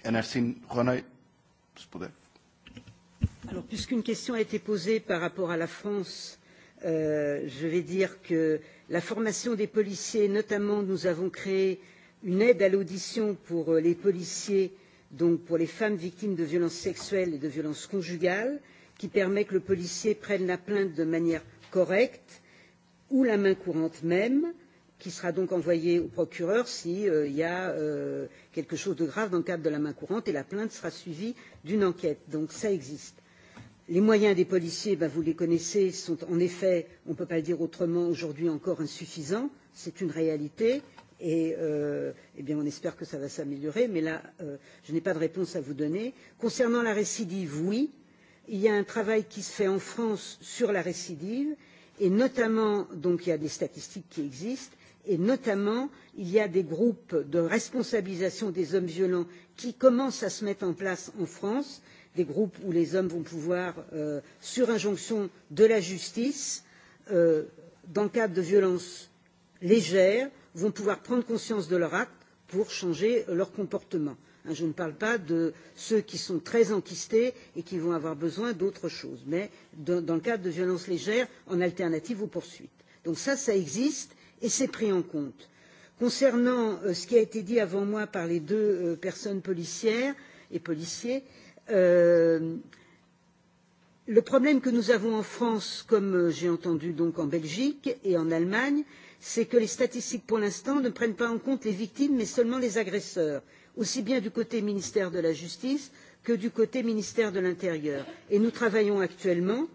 Anarcine Ronay, se puder. Alors, puisqu'une question a été posée par rapport à la France, euh, je vais dire que la formation des policiers, notamment, nous avons créé une aide à l'audition pour euh, les policiers, donc pour les femmes victimes de violences sexuelles et de violences conjugales, qui permet que le policier prenne la plainte de manière correcte ou la main courante même, qui sera donc envoyée au procureur s'il si, euh, y a euh, quelque chose de grave dans le cadre de la main courante et la plainte sera suivie d'une enquête. Donc ça existe. Les moyens des policiers, ben vous les connaissez, sont en effet, on ne peut pas le dire autrement, aujourd'hui encore insuffisants. C'est une réalité. Et euh, eh bien, on espère que ça va s'améliorer, mais là, euh, je n'ai pas de réponse à vous donner. Concernant la récidive, oui, il y a un travail qui se fait en France sur la récidive, et notamment, donc, il y a des statistiques qui existent, et notamment, il y a des groupes de responsabilisation des hommes violents qui commencent à se mettre en place en France. Euh, des groupes où les hommes vont pouvoir, euh, sur injonction de la justice, euh, dans le cadre de violences légères, vont pouvoir prendre conscience de leur acte pour changer leur comportement. Je ne parle pas de ceux qui sont très enquistés et qui vont avoir besoin d'autre chose, mais de, dans le cadre de violences légères, en alternative aux poursuites. Donc ça, ça existe et c'est pris en compte. Concernant euh, ce qui a été dit avant moi par les deux euh, personnes policières et policiers, euh, Euh, le problème que nous avons en France, comme euh, j'ai entendu donc en Belgique et en Allemagne, c'est que les statistiques pour l'instant ne prennent pas en compte les victimes, mais seulement les agresseurs, aussi bien du côté ministère de la Justice que du côté ministère de l'Intérieur. Et nous travaillons actuellement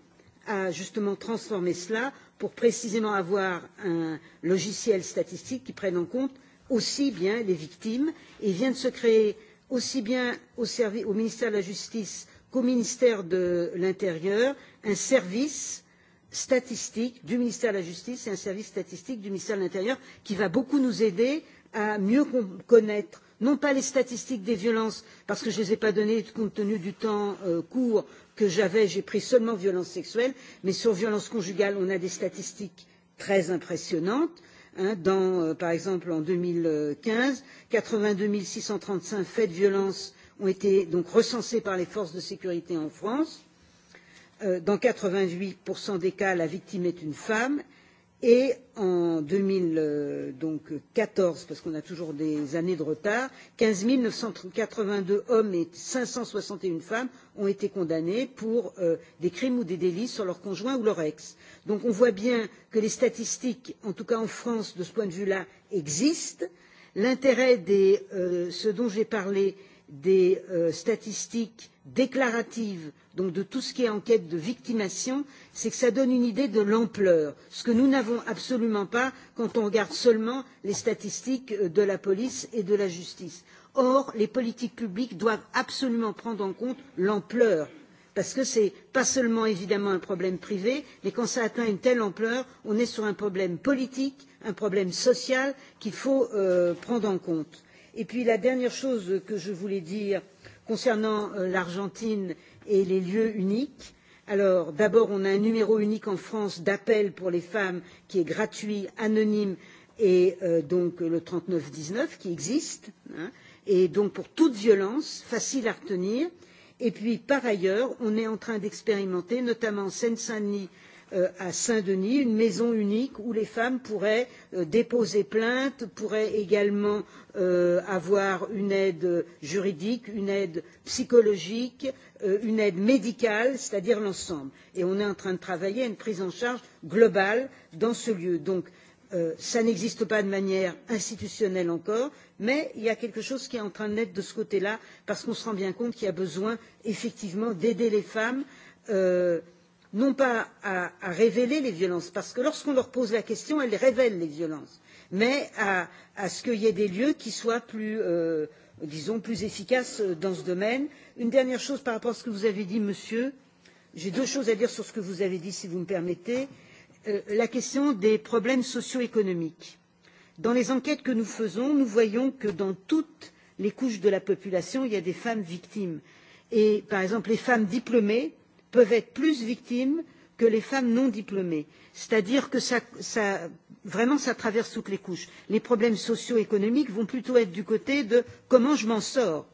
à justement transformer cela pour précisément avoir un logiciel statistique qui prenne en compte aussi bien les victimes. Et vient de se créer aussi bien au, au ministère de la Justice qu'au ministère de l'Intérieur, un service statistique du ministère de la Justice et un service statistique du ministère de l'Intérieur qui va beaucoup nous aider à mieux connaître non pas les statistiques des violences parce que je ne les ai pas données compte tenu du temps euh, court que j'avais j'ai pris seulement violences sexuelles mais sur violences conjugales on a des statistiques très impressionnantes Hein, dans, euh, par exemple, en 2015, 82 635 faits de violence ont été donc recensés par les forces de sécurité en France. Euh, dans 88% des cas, la victime est une femme Et en 2014, euh, parce qu'on a toujours des années de retard, 15 982 hommes et 561 femmes ont été condamnés pour euh, des crimes ou des délits sur leur conjoint ou leur ex. Donc on voit bien que les statistiques, en tout cas en France, de ce point de vue-là, existent. L'intérêt des, euh, ce dont j'ai parlé, des euh, statistiques déclarative donc de tout ce qui est enquête de victimation, c'est que ça donne une idée de l'ampleur, ce que nous n'avons absolument pas quand on regarde seulement les statistiques euh, de la police et de la justice. Or, les politiques publiques doivent absolument prendre en compte l'ampleur parce que ce n'est pas seulement évidemment un problème privé, mais quand ça atteint une telle ampleur, on est sur un problème politique, un problème social qu'il faut euh, prendre en compte. Et puis la dernière chose que je voulais dire euh, concernant euh, l'Argentine et les lieux uniques. Alors, d'abord, on a un numéro unique en France d'appel pour les femmes qui est gratuit, anonyme et euh, donc le 3919 qui existe, hein, et donc pour toute violence, facile à retenir. Et puis, par ailleurs, on est en train d'expérimenter, notamment en Seine-Saint-Denis, euh, euh, à Saint-Denis, une maison unique où les femmes pourraient euh, déposer plainte, pourraient également euh, avoir une aide juridique, une aide psychologique, euh, une aide médicale, c'est-à-dire l'ensemble. Et on est en train de travailler à une prise en charge globale dans ce lieu. Donc, euh, ça n'existe pas de manière institutionnelle encore, mais il y a quelque chose qui est en train de naître de ce côté-là, parce qu'on se rend bien compte qu'il y a besoin effectivement d'aider les femmes euh, non pas à, à révéler les violences, parce que lorsqu'on leur pose la question, elles révèlent les violences, mais à, à ce qu'il y ait des lieux qui soient plus, euh, disons, plus efficaces euh, dans ce domaine. Une dernière chose par rapport à ce que vous avez dit, monsieur. J'ai deux choses à dire sur ce que vous avez dit, si vous me permettez. Euh, la question des problèmes socio-économiques. Dans les enquêtes que nous faisons, nous voyons que dans toutes les couches de la population, il y a des femmes victimes. Et par exemple, les femmes diplômées peuvent être plus victimes que les femmes non diplômées. C'est-à-dire que ça, ça, vraiment, ça traverse toutes les couches. Les problèmes socio-économiques vont plutôt être du côté de comment je m'en sors.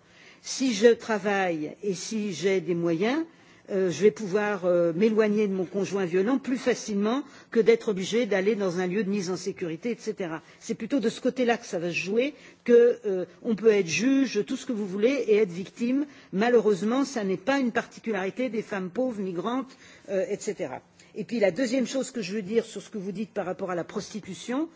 Si je travaille et si j'ai des moyens, euh, euh, je vais pouvoir euh, m'éloigner de mon conjoint violent plus facilement que d'être obligé d'aller dans un lieu de mise en sécurité, etc. C'est plutôt de ce côté-là que ça va se jouer, qu'on euh, peut être juge, tout ce que vous voulez, et être victime. Malheureusement, ça n'est pas une particularité des femmes pauvres, migrantes, euh, etc. Et puis la deuxième chose que je veux dire sur ce que vous dites par rapport à la prostitution,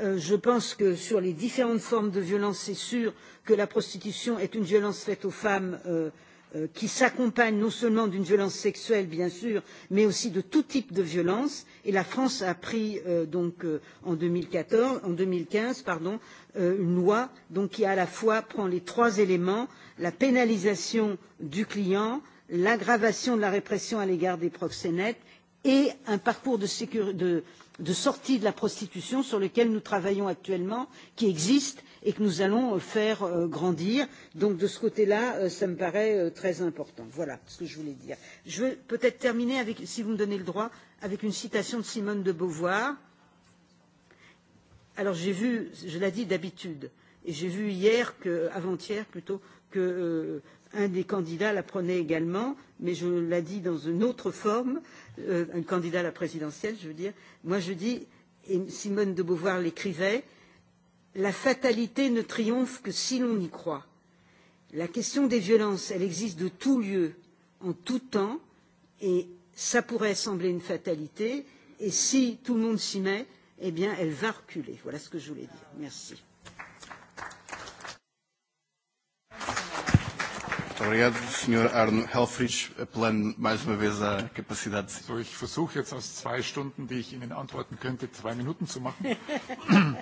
euh, je pense que sur les différentes formes de violence, c'est sûr que la prostitution est une violence faite aux femmes euh, Euh, qui s'accompagne non seulement d'une violence sexuelle bien sûr mais aussi de tout type de violence et la france a pris euh, donc euh, en deux mille quatorze en deux mille quinze pardon euh, une loi donc qui à la fois prend les trois éléments la pénalisation du client l'aggravation de la répression à l'égard des proxénètes et un parcours de, sécur... de, de sortie de la prostitution sur lequel nous travaillons actuellement qui existe et que nous allons euh, faire euh, grandir. Donc de ce côté-là, euh, ça me paraît euh, très important. Voilà ce que je voulais dire. Je vais peut-être terminer, avec, si vous me donnez le droit, avec une citation de Simone de Beauvoir. Alors j'ai vu, je l'ai dit d'habitude, et j'ai vu hier, que, avant-hier plutôt, que euh, un des candidats la prenait également, mais je l'ai dit dans une autre forme, euh, un candidat à la présidentielle, je veux dire. Moi je dis, et Simone de Beauvoir l'écrivait, La fatalité ne triomphe que si l'on y croit. La question des violences, elle existe de tout lieu, en tout temps, et ça pourrait sembler une fatalité, et si tout le monde s'y met, eh bien, elle va reculer. Voilà ce que je voulais dire. Merci. Muito obrigado, Sr. Arno Helfrich, apelando mais uma vez à capacidade. So, ich versuche jetzt aus zwei Stunden, die ich Ihnen antworten könnte, zwei Minuten zu machen.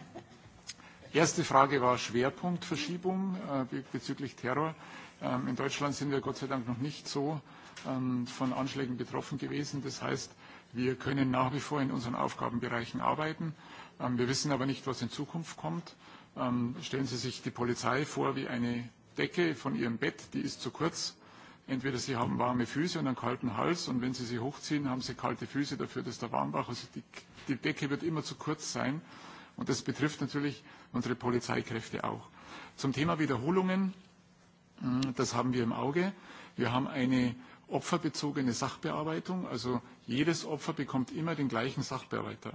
Erste Frage war Schwerpunktverschiebung äh, bezüglich Terror. Ähm, in Deutschland sind wir Gott sei Dank noch nicht so ähm, von Anschlägen betroffen gewesen. Das heißt, wir können nach wie vor in unseren Aufgabenbereichen arbeiten. Ähm, wir wissen aber nicht, was in Zukunft kommt. Ähm, stellen Sie sich die Polizei vor wie eine Decke von ihrem Bett, die ist zu kurz. Entweder Sie haben warme Füße und einen kalten Hals und wenn Sie sie hochziehen, haben Sie kalte Füße dafür, dass der warm war. Also die, die Decke wird immer zu kurz sein. Äh, Und das betrifft natürlich unsere Polizeikräfte auch. Zum Thema Wiederholungen, hm, das haben wir im Auge. Wir haben eine opferbezogene Sachbearbeitung. Also jedes Opfer bekommt immer den gleichen Sachbearbeiter.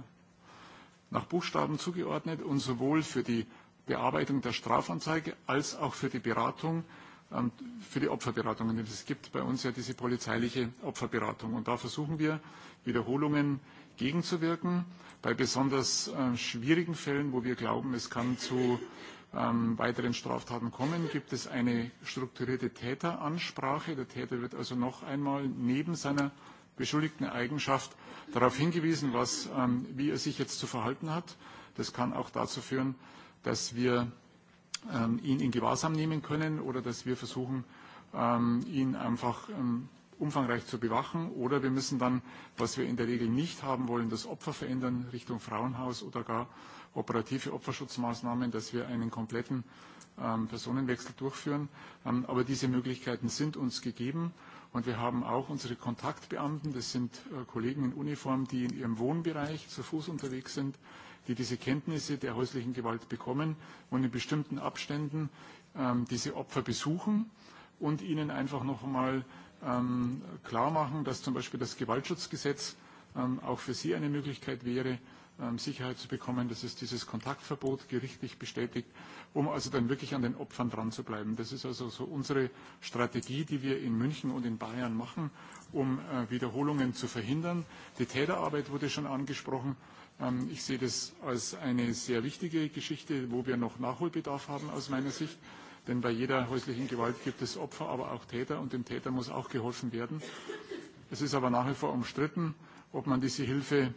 Nach Buchstaben zugeordnet und sowohl für die Bearbeitung der Strafanzeige als auch für die Beratung, ähm, für die Opferberatung. Und es gibt bei uns ja diese polizeiliche Opferberatung. Und da versuchen wir, Wiederholungen gegenzuwirken. Bei besonders äh, schwierigen Fällen, wo wir glauben, es kann zu ähm, weiteren Straftaten kommen, gibt es eine strukturierte Täteransprache. Der Täter wird also noch einmal neben seiner beschuldigten Eigenschaft darauf hingewiesen, was, ähm, wie er sich jetzt zu verhalten hat. Das kann auch dazu führen, dass wir ähm, ihn in Gewahrsam nehmen können oder dass wir versuchen, ähm, ihn einfach ähm, umfangreich zu bewachen. Oder wir müssen dann, was wir in der Regel nicht haben wollen, das Opfer verändern Richtung Frauenhaus oder gar operative Opferschutzmaßnahmen, dass wir einen kompletten ähm, Personenwechsel durchführen. Ähm, aber diese Möglichkeiten sind uns gegeben. Und wir haben auch unsere Kontaktbeamten, das sind äh, Kollegen in Uniform, die in ihrem Wohnbereich zu Fuß unterwegs sind, die diese Kenntnisse der häuslichen Gewalt bekommen und in bestimmten Abständen ähm, diese Opfer besuchen. Äh, und Ihnen einfach noch einmal ähm, klar machen, dass zum Beispiel das Gewaltschutzgesetz ähm, auch für Sie eine Möglichkeit wäre, ähm, Sicherheit zu bekommen. Das ist dieses Kontaktverbot gerichtlich bestätigt, um also dann wirklich an den Opfern dran zu bleiben. Das ist also so unsere Strategie, die wir in München und in Bayern machen, um äh, Wiederholungen zu verhindern. Die Täterarbeit wurde schon angesprochen. Ähm, ich sehe das als eine sehr wichtige Geschichte, wo wir noch Nachholbedarf haben aus meiner Sicht. Denn bei jeder häuslichen Gewalt gibt es Opfer, aber auch Täter und dem Täter muss auch geholfen werden. Es ist aber nach wie vor umstritten, ob man diese Hilfe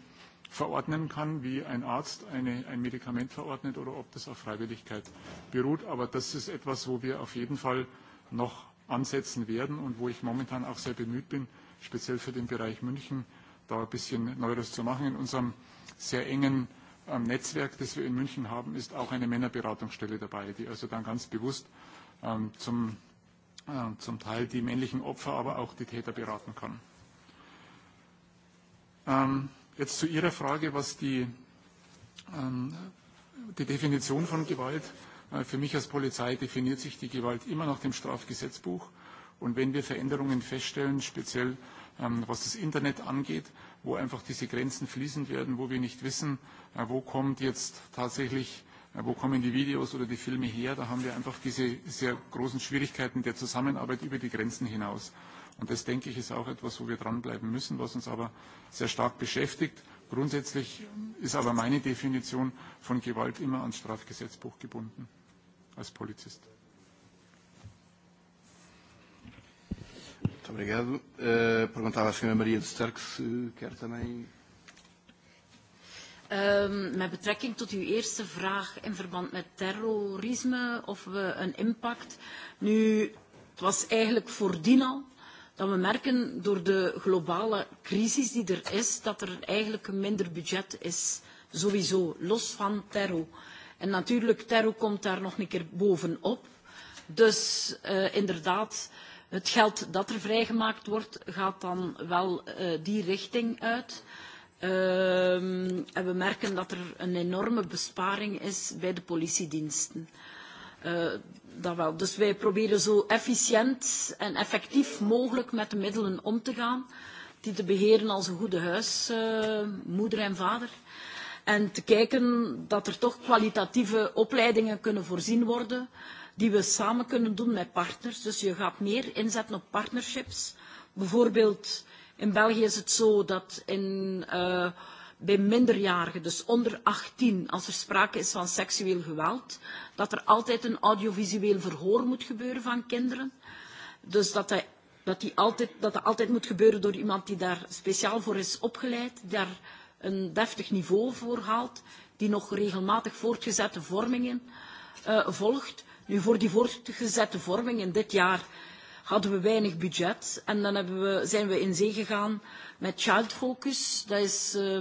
verordnen kann, wie ein Arzt eine, ein Medikament verordnet oder ob das auf Freiwilligkeit beruht. Aber das ist etwas, wo wir auf jeden Fall noch ansetzen werden und wo ich momentan auch sehr bemüht bin, speziell für den Bereich München, da ein bisschen Neues zu machen in unserem sehr engen ähm, Netzwerk, das wir in München haben, ist auch eine Männerberatungsstelle dabei, die also dann ganz bewusst ähm, zum, äh, zum Teil die männlichen Opfer, aber auch die Täter beraten kann. Ähm, jetzt zu Ihrer Frage, was die, ähm, die Definition von Gewalt äh, für mich als Polizei definiert sich die Gewalt immer nach dem Strafgesetzbuch. Und wenn wir Veränderungen feststellen, speziell ähm, was das Internet angeht, wo einfach diese Grenzen fließend werden, wo wir nicht wissen, äh, wo kommt jetzt tatsächlich, äh, wo kommen die Videos oder die Filme her. Da haben wir einfach diese sehr großen Schwierigkeiten der Zusammenarbeit über die Grenzen hinaus. Und das, denke ich, ist auch etwas, wo wir dranbleiben müssen, was uns aber sehr stark beschäftigt. Grundsätzlich ist aber meine Definition von Gewalt immer ans Strafgesetzbuch gebunden als Polizist. Muito obrigado. Uh, perguntava à senhora Maria de Stark se quer também Um, met betrekking tot uw eerste vraag in verband met terrorisme of we een impact. Nu, het was eigenlijk voordien al dat we merken door de globale crisis die er is, dat er eigenlijk een minder budget is, sowieso, los van terror. En natuurlijk, terror komt daar nog een keer bovenop. Dus uh, inderdaad, uh, Het geld dat er vrijgemaakt wordt gaat dan wel uh, die richting uit. Uh, en we merken dat er een enorme besparing is bij de politiediensten. Uh, dat wel. Dus wij proberen zo efficiënt en effectief mogelijk met de middelen om te gaan. Die te beheren als een goede huismoeder eh, uh, en vader. En te kijken dat er toch kwalitatieve opleidingen kunnen voorzien worden. Uh, die we samen kunnen doen met partners. Dus je gaat meer inzetten op partnerships. Bijvoorbeeld in België is het zo dat in, uh, bij minderjarigen, dus onder 18, als er sprake is van seksueel geweld, dat er altijd een audiovisueel verhoor moet gebeuren van kinderen. Dus dat hij dat, die altijd, dat dat er altijd moet gebeuren door iemand die daar speciaal voor is opgeleid, die daar een deftig niveau voor haalt, die nog regelmatig voortgezette vormingen uh, volgt. Nu, voor die voortgezette vorming dit jaar hadden we weinig budget en dan hebben we, zijn we in zee gegaan met Child Focus. Dat is uh,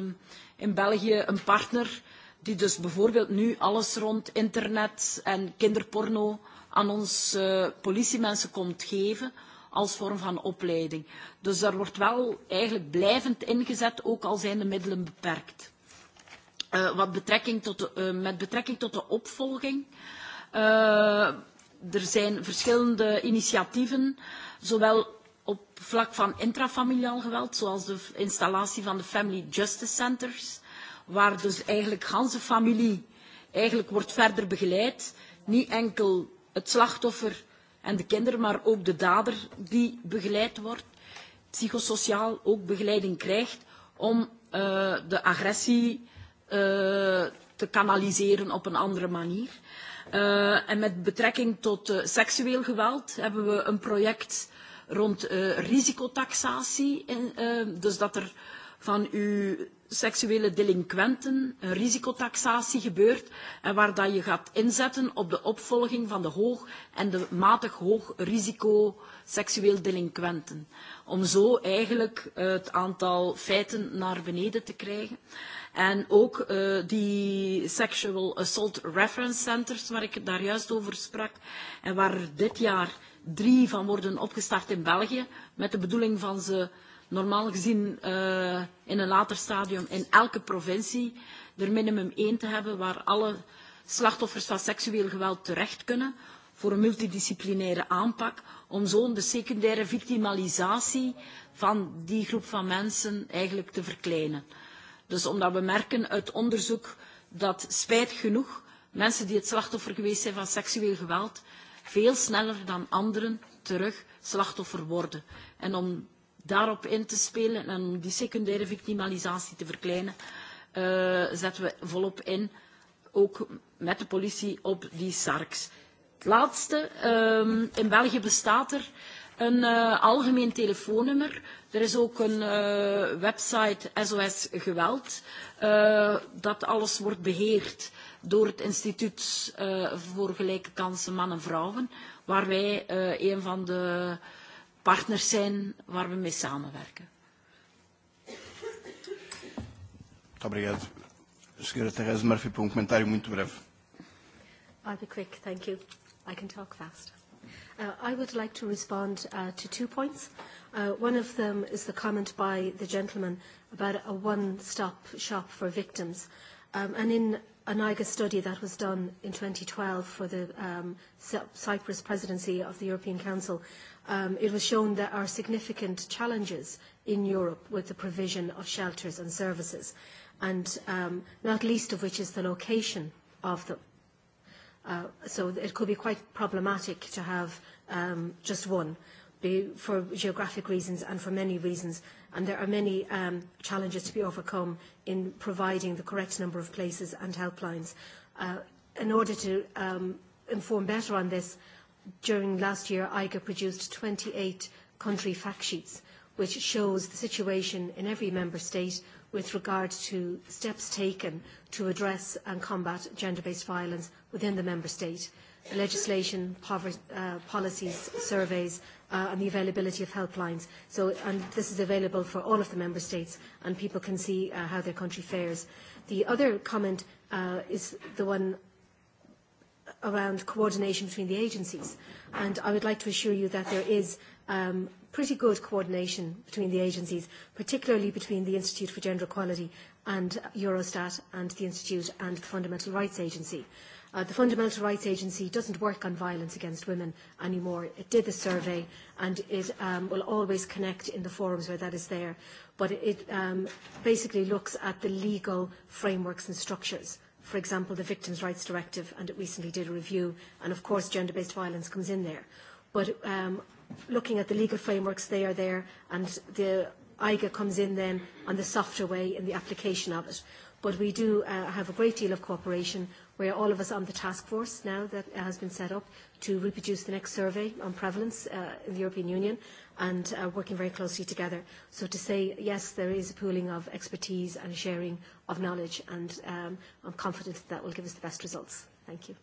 in België een partner die dus bijvoorbeeld nu alles rond internet en kinderporno aan ons uh, politiemensen komt geven als vorm van opleiding. Dus daar wordt wel eigenlijk blijvend ingezet, ook al zijn de middelen beperkt. Uh, wat betrekking tot de, uh, met betrekking tot de opvolging uh, Uh, er zijn verschillende initiatieven, zowel op vlak van intrafamiliaal geweld, zoals de installatie van de Family Justice Centers, waar dus eigenlijk ganse familie eigenlijk wordt verder begeleid. Niet enkel het slachtoffer en de kinderen, maar ook de dader die begeleid wordt, psychosociaal ook begeleiding krijgt om uh, de agressie uh, te kanaliseren op een andere manier. Uh, Uh, en met betrekking tot uh, seksueel geweld hebben we een project rond uh, risicotaxatie. In, uh, dus dat er van uw seksuele delinquenten een risicotaxatie gebeurt en waar dat je gaat inzetten op de opvolging van de hoog en de matig hoog risico seksueel delinquenten. Om zo eigenlijk uh, het aantal feiten naar beneden te krijgen. Uh, En ook uh, die Sexual Assault Reference Centers, waar ik het daar juist over sprak, en waar er dit jaar drie van worden opgestart in België, met de bedoeling van ze normaal gezien uh, in een later stadium in elke provincie er minimum één te hebben waar alle slachtoffers van seksueel geweld terecht kunnen voor een multidisciplinaire aanpak om zo de secundaire victimalisatie van die groep van mensen eigenlijk te verkleinen. Dus omdat we merken uit onderzoek dat spijtig genoeg mensen die het slachtoffer geweest zijn van seksueel geweld veel sneller dan anderen terug slachtoffer worden. En om daarop in te spelen en om die secundaire victimalisatie te verkleinen, uh, zetten we volop in, ook met de politie, op die SARCs. Het laatste, um, in België bestaat er een uh, algemeen telefoonnummer Er is ook een uh, website SOS Geweld. Uh, dat alles wordt beheerd door het Instituut uh, voor Gelijke Kansen Mannen en Vrouwen, waar wij uh, een van de partners zijn waar we mee samenwerken. Muito obrigado. Senhora Teresa Murphy, para um comentário muito breve. I'll be quick, thank you. I can talk fast. Uh, I would like to respond uh, to two points. Uh, one of them is the comment by the gentleman about a one-stop shop for victims. Um, and in an IGA study that was done in 2012 for the um, Cyprus presidency of the European Council, um, it was shown there are significant challenges in Europe with the provision of shelters and services, and um, not least of which is the location of them. Uh, so it could be quite problematic to have um, just one. Uh, be for geographic reasons and for many reasons. And there are many um, challenges to be overcome in providing the correct number of places and helplines. Uh, in order to um, inform better on this, during last year, IGA produced 28 country fact sheets, which shows the situation in every member state with regard to steps taken to address and combat gender-based violence within the member state. Uh, legislation, poverty, uh, policies, surveys, uh, and the availability of helplines. So, and this is available for all of the member states, and people can see uh, how their country fares. The other comment uh, is the one around coordination between the agencies. And I would like to assure you that there is um, pretty good coordination between the agencies, particularly between the Institute for Gender Equality and Eurostat and the Institute and the Fundamental Rights Agency. Uh, Uh, the Fundamental Rights Agency doesn't work on violence against women anymore. It did the survey and it um, will always connect in the forums where that is there. But it um, basically looks at the legal frameworks and structures for example, the Victims' Rights Directive, and it recently did a review, and of course gender-based violence comes in there. But um, looking at the legal frameworks, they are there, and the IGA comes in then on the softer way in the application of it. But we do uh, have a great deal of cooperation where all of us on the task force now that has been set up to reproduce the next survey on prevalence uh, in the European Union and uh, working very closely together. So to say, yes, there is a pooling of expertise and sharing of knowledge, and um, I'm confident that, that will give us the best results. Thank you.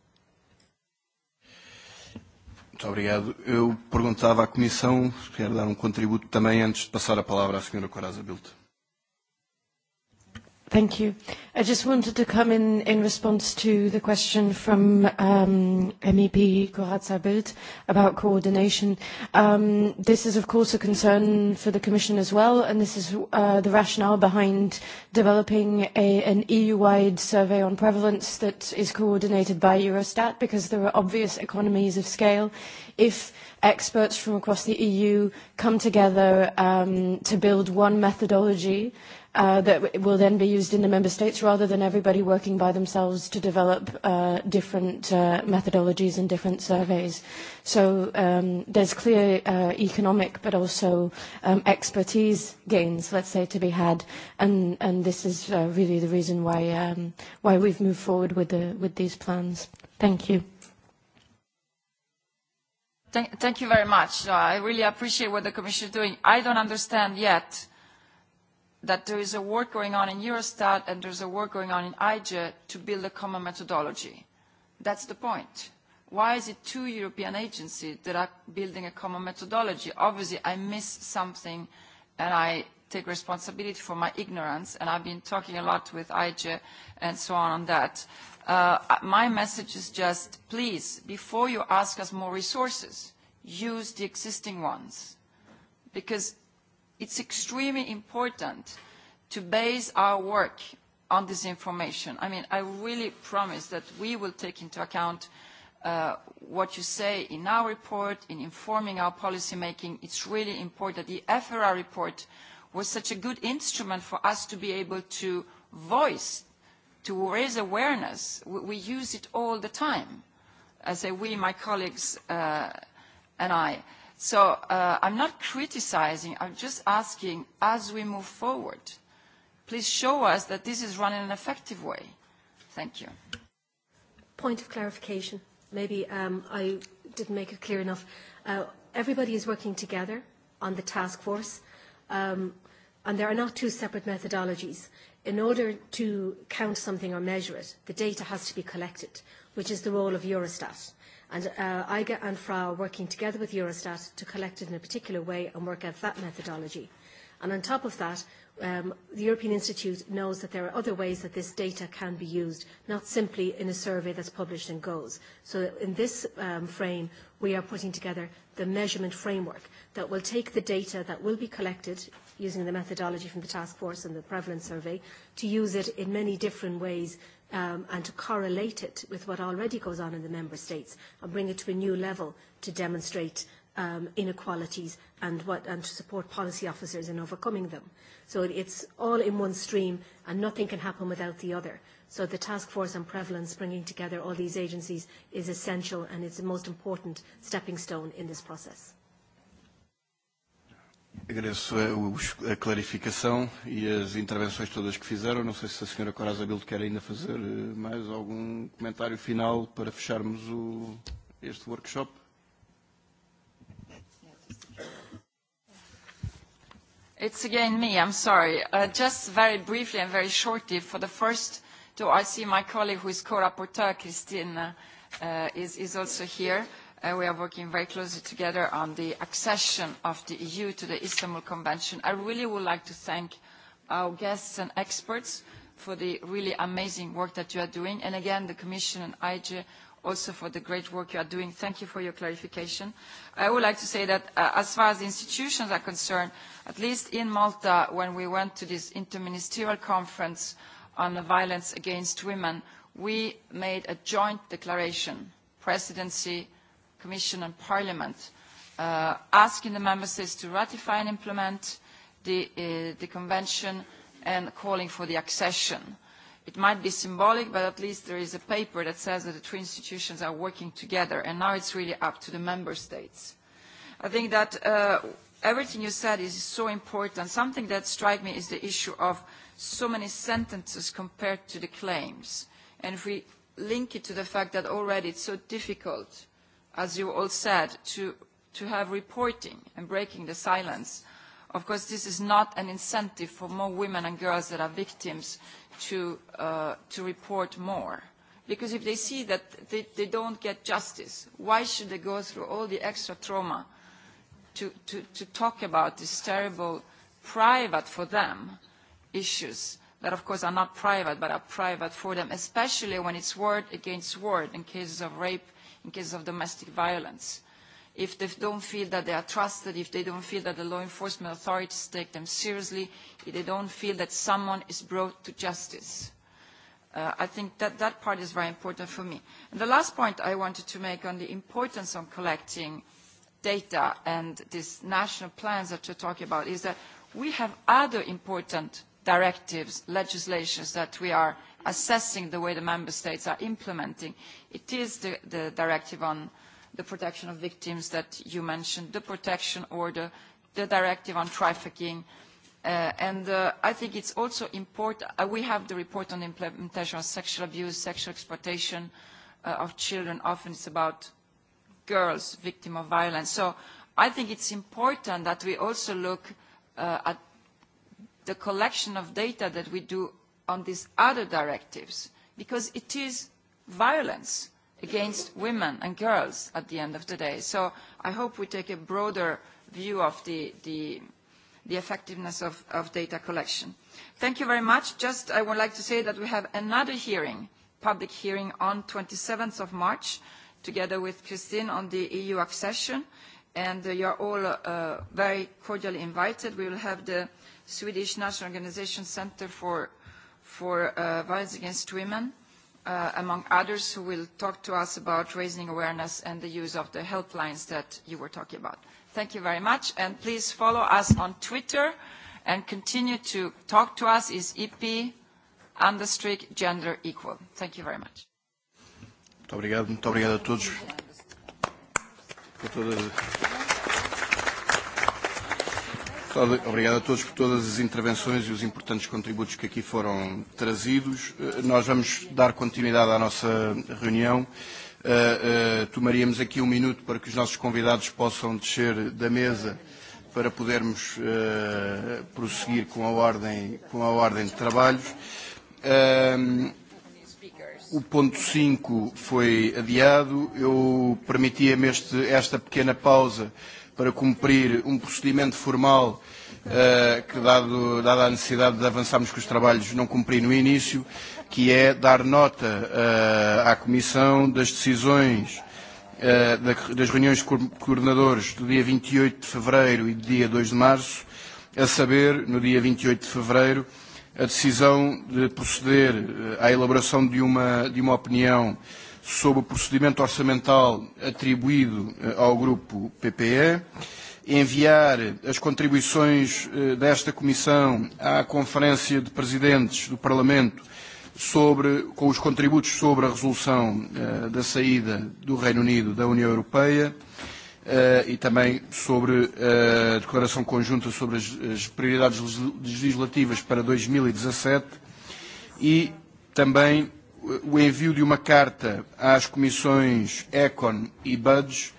Muito obrigado. Eu perguntava à Comissão se quer dar um contributo também antes de passar a palavra à Sra. Coraza Bilto. Thank you. I just wanted to come in in response to the question from um, MEP Corazza Bildt about coordination. Um, this is, of course, a concern for the Commission as well, and this is uh, the rationale behind developing a, an EU-wide survey on prevalence that is coordinated by Eurostat, because there are obvious economies of scale if experts from across the EU come together um, to build one methodology uh, uh, that will then be used in the member states rather than everybody working by themselves to develop uh, different uh, methodologies and different surveys. So um, there's clear uh, economic but also um, expertise gains, let's say, to be had. And, and this is uh, really the reason why, um, why we've moved forward with, the, with these plans. Thank you. Thank, thank you very much. Uh, I really appreciate what the Commission is doing. I don't understand yet that there is a work going on in Eurostat and there's a work going on in IGE to build a common methodology. That's the point. Why is it two European agencies that are building a common methodology? Obviously, I miss something and I take responsibility for my ignorance, and I've been talking a lot with IGE and so on on that. Uh, uh, my message is just, please, before you ask us more resources, use the existing ones. Because it's extremely important to base our work on this information. I mean, I really promise that we will take into account uh, what you say in our report, in informing our policymaking. It's really important. The FRR report was such a good instrument for us to be able to voice, to raise awareness. We, we use it all the time. I say we, my colleagues uh, and I. Uh, So uh, I'm not criticizing, I'm just asking, as we move forward, please show us that this is run in an effective way. Thank you. Point of clarification. Maybe um, I didn't make it clear enough. Uh, everybody is working together on the task force, um, and there are not two separate methodologies. In order to count something or measure it, the data has to be collected, which is the role of Eurostat. And uh, IGA and FRA are working together with Eurostat to collect it in a particular way and work out that methodology. And on top of that, um, the European Institute knows that there are other ways that this data can be used, not simply in a survey that's published and goes. So in this um, frame, we are putting together the measurement framework that will take the data that will be collected using the methodology from the task force and the prevalence survey to use it in many different ways um, and to correlate it with what already goes on in the member states and bring it to a new level to demonstrate um, inequalities and, what, and to support policy officers in overcoming them. So it, it's all in one stream and nothing can happen without the other. So the task force on prevalence, bringing together all these agencies, is essential and it's the most important stepping stone in this process. Agradeço a, a clarificação e as intervenções todas que fizeram. Não sei se a senhora Coraza Bildo quer ainda fazer eh, mais algum comentário final para fecharmos o, este workshop. It's again me, I'm sorry. Uh, just very briefly and very shortly, for the first two, I see my colleague who is co-rapporteur, Christine, uh, is, is also here. Uh, we are working very closely together on the accession of the EU to the Istanbul Convention. I really would like to thank our guests and experts for the really amazing work that you are doing. And again, the Commission and IG also for the great work you are doing. Thank you for your clarification. I would like to say that uh, as far as the institutions are concerned, at least in Malta, when we went to this interministerial conference on violence against women, we made a joint declaration, presidency, Commission and Parliament uh, asking the Member States to ratify and implement the, uh, the Convention and calling for the accession. It might be symbolic, but at least there is a paper that says that the two institutions are working together, and now it's really up to the Member States. I think that uh, everything you said is so important. Something that strikes me is the issue of so many sentences compared to the claims. And if we link it to the fact that already it's so difficult as you all said, to, to have reporting and breaking the silence. Of course, this is not an incentive for more women and girls that are victims to, uh, to report more. Because if they see that they, they don't get justice, why should they go through all the extra trauma to, to, to talk about this terrible private for them issues that of course are not private but are private for them, especially when it's word against word in cases of rape in cases of domestic violence. If they don't feel that they are trusted, if they don't feel that the law enforcement authorities take them seriously, if they don't feel that someone is brought to justice. Uh, I think that that part is very important for me. And the last point I wanted to make on the importance of collecting data and these national plans that you're talking about is that we have other important directives, legislations that we are – assessing the way the member states are implementing. It is the, the directive on the protection of victims that you mentioned, the protection order, the directive on trafficking, uh, and uh, I think it's also important, uh, we have the report on the implementation of sexual abuse, sexual exploitation uh, of children, often it's about girls, victim of violence. So I think it's important that we also look uh, at the collection of data that we do on these other directives because it is violence against women and girls at the end of the day. So I hope we take a broader view of the, the, the effectiveness of, of data collection. Thank you very much. Just I would like to say that we have another hearing, public hearing on 27th of March, together with Christine on the EU accession. And uh, you're all uh, very cordially invited. We will have the Swedish National Organization Center for for uh, Violence Against Women, uh, among others, who will talk to us about raising awareness and the use of the helplines that you were talking about. Thank you very much, and please follow us on Twitter and continue to talk to us. Is EP understreak gender equal? Thank you very much. Muito obrigado, muito obrigado a todos por todas. Obrigado a todos por todas as intervenções e os importantes contributos que aqui foram trazidos. Eh, nós vamos dar continuidade à nossa reunião. Uh, uh, tomaríamos aqui um minuto para que os nossos convidados possam descer da mesa para podermos uh, prosseguir com a ordem, com a ordem de trabalhos. Uh, o ponto 5 foi adiado. Eu permitia-me esta pequena pausa uh, para cumprir um procedimento formal uh, que, dado, dada a necessidade de avançarmos com os trabalhos, não cumpri no início, que é dar nota uh, à Comissão das decisões uh, das reuniões de coordenadores do dia 28 e de fevereiro e do dia 2 de março, a saber, no dia 28 e de fevereiro, a decisão de proceder à elaboração de uma, de uma opinião uh, sobre o procedimento orçamental atribuído eh, ao Grupo PPE, enviar eh, as contribuições eh, desta Comissão à Conferência de Presidentes do Parlamento sobre, com os contributos sobre a resolução uh, da saída do Reino Unido da União Europeia uh, e também sobre uh, a declaração conjunta sobre as, as prioridades legislativas para 2017 e, e também o envio de uma carta às comissões Econ e Budge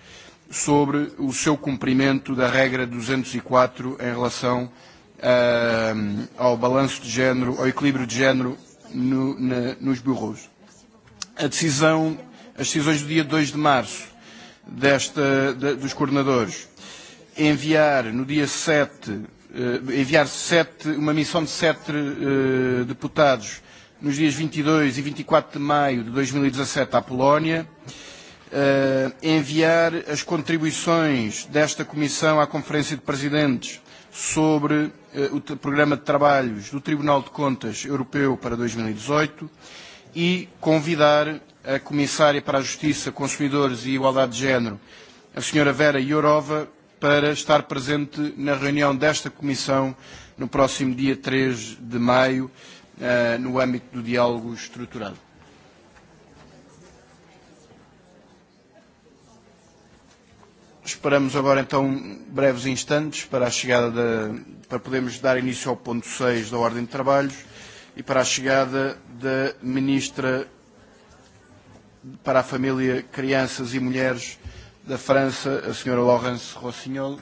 sobre o seu cumprimento da regra 204 e em relação uh, ao balanço de género, ao equilíbrio de género no, na, nos bureaus. A decisão, as decisões do dia 2 de março desta, de, dos coordenadores enviar no dia 7, uh, eh, enviar sete, uma missão de sete uh, deputados nos dias 22 e 24 e e de maio de 2017 e à Polónia, uh, enviar as contribuições desta Comissão à Conferência de Presidentes sobre uh, o Programa de Trabalhos do Tribunal de Contas Europeu para 2018 e convidar a Comissária para a Justiça, Consumidores e Igualdade de Género, a Sra. Vera Iorova, para estar presente na reunião desta Comissão no próximo dia 3 de maio, uh, no âmbito do diálogo estruturado. Esperamos agora então breves instantes para a chegada da, para podermos dar início ao ponto 6 da ordem de trabalhos e para a chegada da ministra para a família, crianças e mulheres da França, a senhora Laurence Rossignol.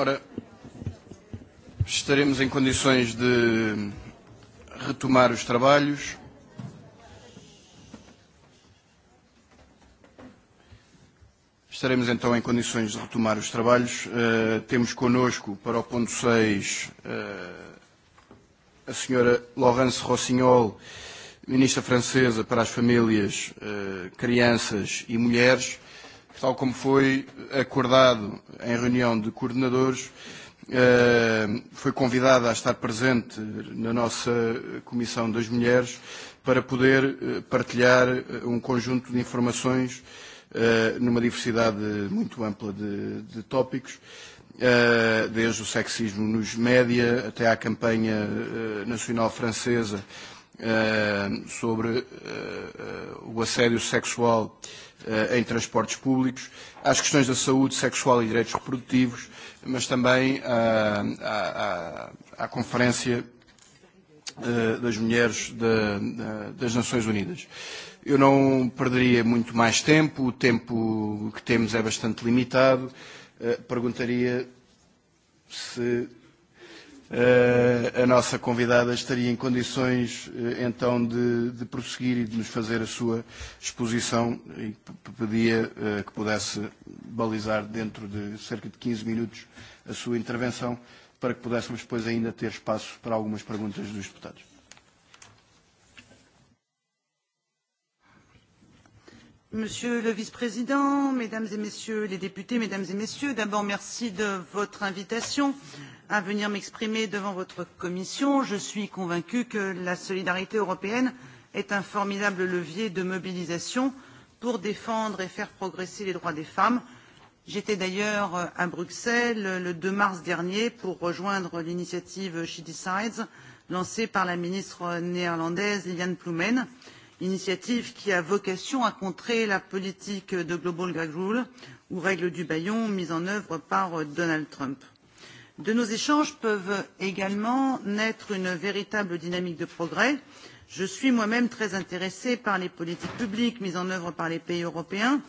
Ora, estaremos em condições de retomar os trabalhos. Estaremos então em condições de retomar os trabalhos. Uh, temos connosco, para o ponto 6, uh, eh, a senhora Laurence Rossignol, ministra francesa para as famílias, uh, crianças e mulheres tal como foi acordado em reunião de coordenadores, eh, foi convidada a estar presente na nossa Comissão das Mulheres para poder eh, partilhar eh, um conjunto de informações numa diversidade muito ampla de, de tópicos, desde o sexismo nos média até à campanha nacional francesa sobre o assédio sexual Eh, em transportes públicos, às questões da saúde sexual e direitos reprodutivos, mas também à, eh, à, à, à Conferência eh, das Mulheres de, das Nações Unidas. Eu não perderia muito mais tempo, o tempo que temos é bastante limitado. Perguntaria se Eh, a nossa convidada estaria em condições eh, então de, de prosseguir e de nos fazer a sua exposição e pedia eh, que pudesse balizar dentro de cerca de 15 minutos a sua intervenção para que pudéssemos depois ainda ter espaço para algumas perguntas dos deputados. Monsieur le Vice-président, Mesdames et Messieurs les députés, Mesdames et Messieurs, d'abord merci de votre invitation. Euh, à venir m'exprimer devant votre commission. Je suis convaincue que la solidarité européenne est un formidable levier de mobilisation pour défendre et faire progresser les droits des femmes. J'étais d'ailleurs à Bruxelles le 2 mars dernier pour rejoindre l'initiative She Decides lancée par la ministre néerlandaise Liliane Ploumen, initiative qui a vocation à contrer la politique de Global Gag Rule ou règle du baillon mise en œuvre par Donald Trump de nos échanges peuvent également naître une véritable dynamique de progrès. je suis moi même très intéressée par les politiques publiques mises en œuvre par les pays européens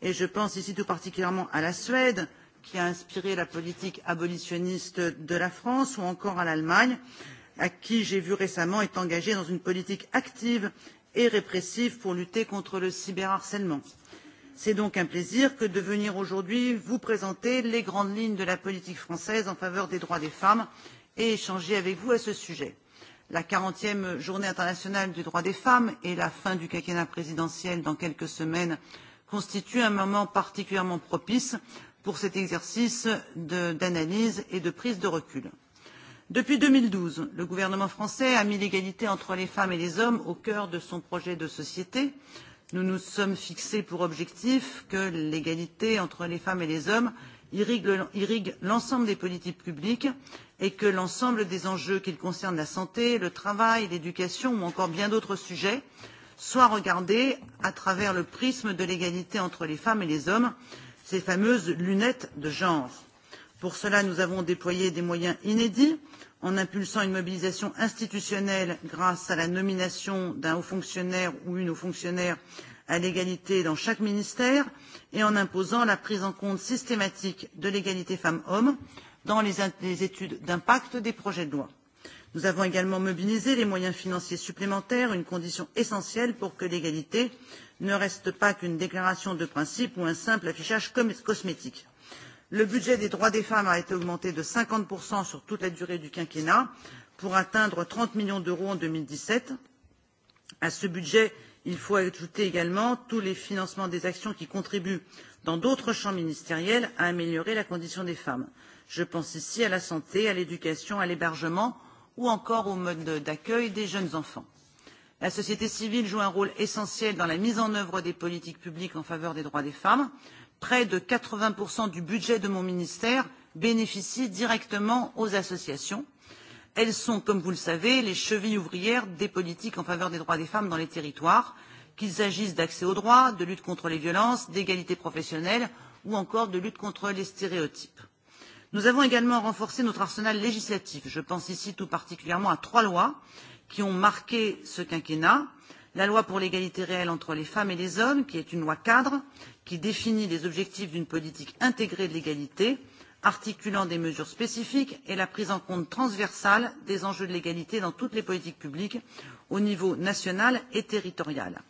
et je pense ici tout particulièrement à la suède qui a inspiré la politique abolitionniste de la france ou encore à l'allemagne à qui j'ai vu récemment est engagée dans une politique active et répressive pour lutter contre le cyberharcèlement. C'est donc un plaisir que de venir aujourd'hui vous présenter les grandes lignes de la politique française en faveur des droits des femmes et échanger avec vous à ce sujet. La 40e journée internationale du droit des femmes et la fin du quinquennat présidentiel dans quelques semaines constituent un moment particulièrement propice pour cet exercice d'analyse et de prise de recul. Depuis 2012, le gouvernement français a mis l'égalité entre les femmes et les hommes au cœur de son projet de société. Euh, nous nous sommes fixé pour objectif que l'égalité entre les femmes et les hommes irrigue l'ensemble des politiques publiques et que l'ensemble des enjeux qu'ils concernent la santé le travail l'éducation ou encore bien d'autres sujets soient regardés à travers le prisme de l'égalité entre les femmes et les hommes ces fameuses lunettes de genre. Pour cela, nous avons déployé des moyens inédits en impulsant une mobilisation institutionnelle grâce à la nomination d'un haut fonctionnaire ou une haut fonctionnaire à l'égalité dans chaque ministère et en imposant la prise en compte systématique de l'égalité femmes hommes dans les, les études d'impact des projets de loi. Nous avons également mobilisé les moyens financiers supplémentaires, une condition essentielle pour que l'égalité ne reste pas qu'une déclaration de principe ou un simple affichage cosmétique le budget des droits des femmes a été augmenté de cinquante sur toute la durée du quinquennat pour atteindre trente millions d'euros en. deux mille dix sept à ce budget il faut ajouter également tous les financements des actions qui contribuent dans d'autres champs ministériels à améliorer la condition des femmes je pense ici à la santé à l'éducation à l'hébergement ou encore au mode d'accueil des jeunes enfants. la société civile joue un rôle essentiel dans la mise en œuvre des politiques publiques en faveur des droits des femmes près de 80% du budget de mon ministère bénéficie directement aux associations. Elles sont, comme vous le savez, les chevilles ouvrières des politiques en faveur des droits des femmes dans les territoires, qu'il s'agisse d'accès aux droits, de lutte contre les violences, d'égalité professionnelle ou encore de lutte contre les stéréotypes. Nous avons également renforcé notre arsenal législatif. Je pense ici tout particulièrement à trois lois qui ont marqué ce quinquennat. La loi pour l'égalité réelle entre les femmes et les hommes, qui est une loi cadre, qui définit les objectifs d'une politique intégrée de l'égalité articulant des mesures spécifiques et la prise en compte transversale des enjeux de l'égalité dans toutes les politiques publiques au niveau national et territorial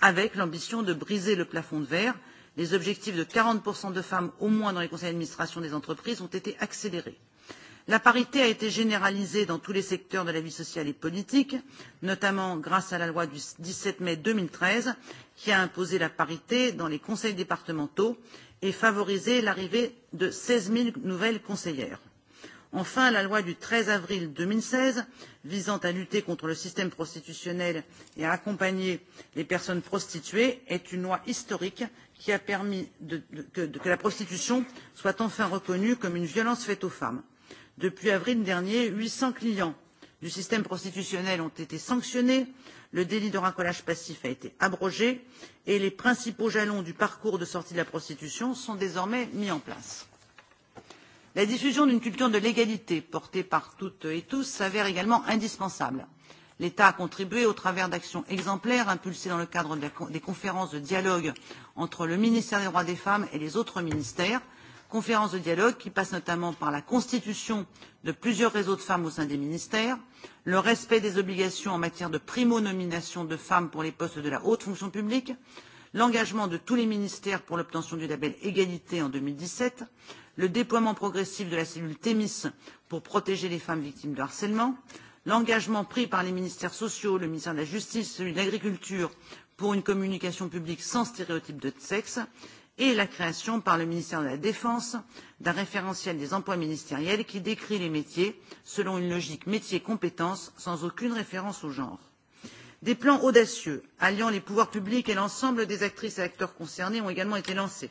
avec l'ambition de briser le plafond de verre les objectifs de quarante de femmes au moins dans les conseils d'administration des entreprises ont été accélérés. La parité a été généralisée dans tous les secteurs de la vie sociale et politique, notamment grâce à la loi du 17 mai 2013 qui a imposé la parité dans les conseils départementaux et favorisé l'arrivée de 16 000 nouvelles conseillères. Enfin, la loi du 13 avril 2016 visant à lutter contre le système prostitutionnel et à accompagner les personnes prostituées est une loi historique qui a permis de, de, que, de, que la prostitution soit enfin reconnue comme une violence faite aux femmes depuis avril dernier huit cents clients du système prostitutionnel ont été sanctionnés le délit de racolage passif a été abrogé et les principaux jalons du parcours de sortie de la prostitution sont désormais mis en place. la diffusion d'une culture de l'égalité portée par toutes et tous s'avère également indispensable. l'état a contribué au travers d'actions exemplaires impulsées dans le cadre des conférences de dialogue entre le ministère des droits des femmes et les autres ministères conférence de dialogue qui passe notamment par la constitution de plusieurs réseaux de femmes au sein des ministères, le respect des obligations en matière de primo-nomination de femmes pour les postes de la haute fonction publique, l'engagement de tous les ministères pour l'obtention du label Égalité en 2017, le déploiement progressif de la cellule Thémis pour protéger les femmes victimes de harcèlement, l'engagement pris par les ministères sociaux, le ministère de la Justice, celui de l'Agriculture pour une communication publique sans stéréotype de sexe et la création par le ministère de la Défense d'un référentiel des emplois ministériels qui décrit les métiers selon une logique métier-compétences sans aucune référence au genre. Des plans audacieux alliant les pouvoirs publics et l'ensemble des actrices et acteurs concernés ont également été lancés.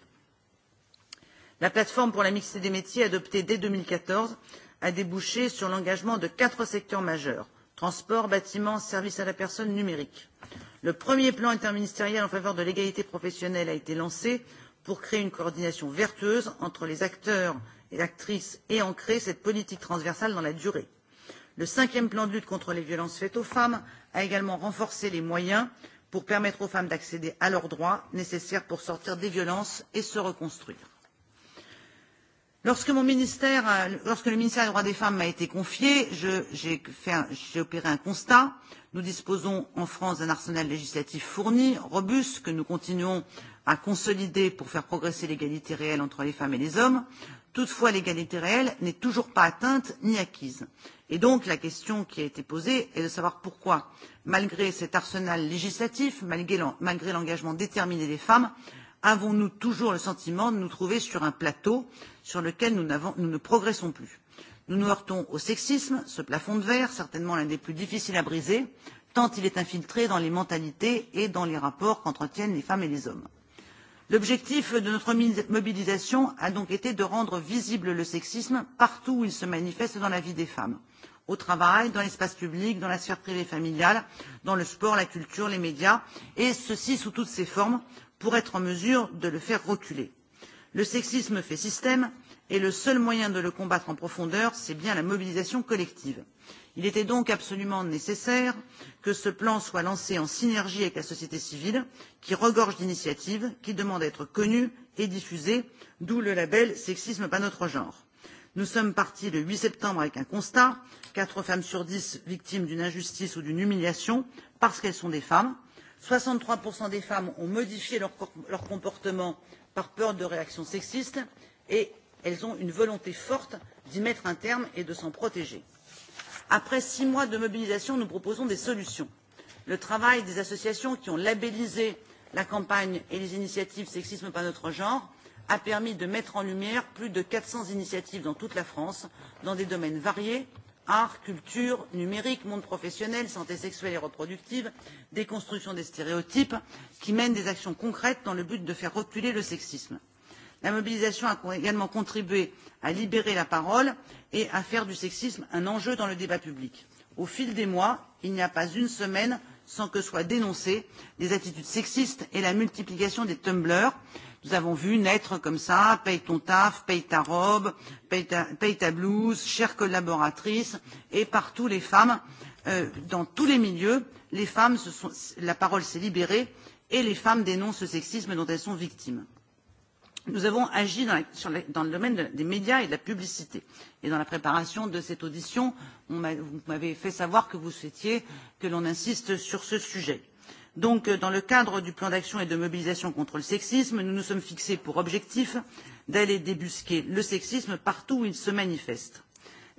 La plateforme pour la mixité des métiers adoptée dès 2014 a débouché sur l'engagement de quatre secteurs majeurs transports, bâtiments, services à la personne, numérique. Le premier plan interministériel en faveur de l'égalité professionnelle a été lancé pour créer une coordination vertueuse entre les acteurs et actrices et ancrer cette politique transversale dans la durée. Le cinquième plan de lutte contre les violences faites aux femmes a également renforcé les moyens pour permettre aux femmes d'accéder à leurs droits nécessaires pour sortir des violences et se reconstruire. Lorsque, mon ministère, lorsque le ministère des droits des femmes m'a été confié, j'ai opéré un constat. Nous disposons en France d'un arsenal législatif fourni, robuste, que nous continuons à consolider pour faire progresser l'égalité réelle entre les femmes et les hommes. Toutefois, l'égalité réelle n'est toujours pas atteinte ni acquise. Et donc, la question qui a été posée est de savoir pourquoi, malgré cet arsenal législatif, malgré l'engagement déterminé des femmes, avons-nous toujours le sentiment de nous trouver sur un plateau sur lequel nous, nous ne progressons plus Nous nous heurtons au sexisme, ce plafond de verre, certainement l'un des plus difficiles à briser, tant il est infiltré dans les mentalités et dans les rapports qu'entretiennent les femmes et les hommes l'objectif de notre mobilisation a donc été de rendre visible le sexisme partout où il se manifeste dans la vie des femmes au travail dans l'espace public dans la sphère privée familiale dans le sport la culture les médias et ceci sous toutes ses formes pour être en mesure de le faire reculer. le sexisme fait système et le seul moyen de le combattre en profondeur c'est bien la mobilisation collective il était donc absolument nécessaire que ce plan soit lancé en synergie avec la société civile qui regorge d'initiatives qui demandent à être connues et diffusées d'où le label sexisme pas notre genre. nous sommes partis le huit septembre avec un constat quatre femmes sur dix victimes d'une injustice ou d'une humiliation parce qu'elles sont des femmes soixante trois des femmes ont modifié leur, leur comportement par peur de réactions sexistes et elles ont une volonté forte d'y mettre un terme et de s'en protéger après six mois de mobilisation nous proposons des solutions le travail des associations qui ont labellisé la campagne et les initiatives sexisme par notre genre a permis de mettre en lumière plus de quatre cents initiatives dans toute la france dans des domaines variés art culture numérique monde professionnel santé sexuelle et reproductive déconstruction des stéréotypes qui mènent des actions concrètes dans le but de faire reculer le sexisme. la mobilisation a également contribué à libérer la parole et à faire du sexisme un enjeu dans le débat public. Au fil des mois, il n'y a pas une semaine sans que soient dénoncées des attitudes sexistes et la multiplication des tumblers. Nous avons vu naître comme ça paye ton taf, paye ta robe, paye ta, paye ta blouse, chère collaboratrice, et partout les femmes, euh, dans tous les milieux, les femmes se sont, la parole s'est libérée et les femmes dénoncent ce sexisme dont elles sont victimes nous avons agi dans, la, sur la, dans le domaine de, des médias et de la publicité. Et dans la préparation de cette audition, on vous m'avez fait savoir que vous souhaitiez que l'on insiste sur ce sujet. Donc, euh, dans le cadre du plan d'action et de mobilisation contre le sexisme, nous nous sommes fixés pour objectif d'aller débusquer le sexisme partout où il se manifeste.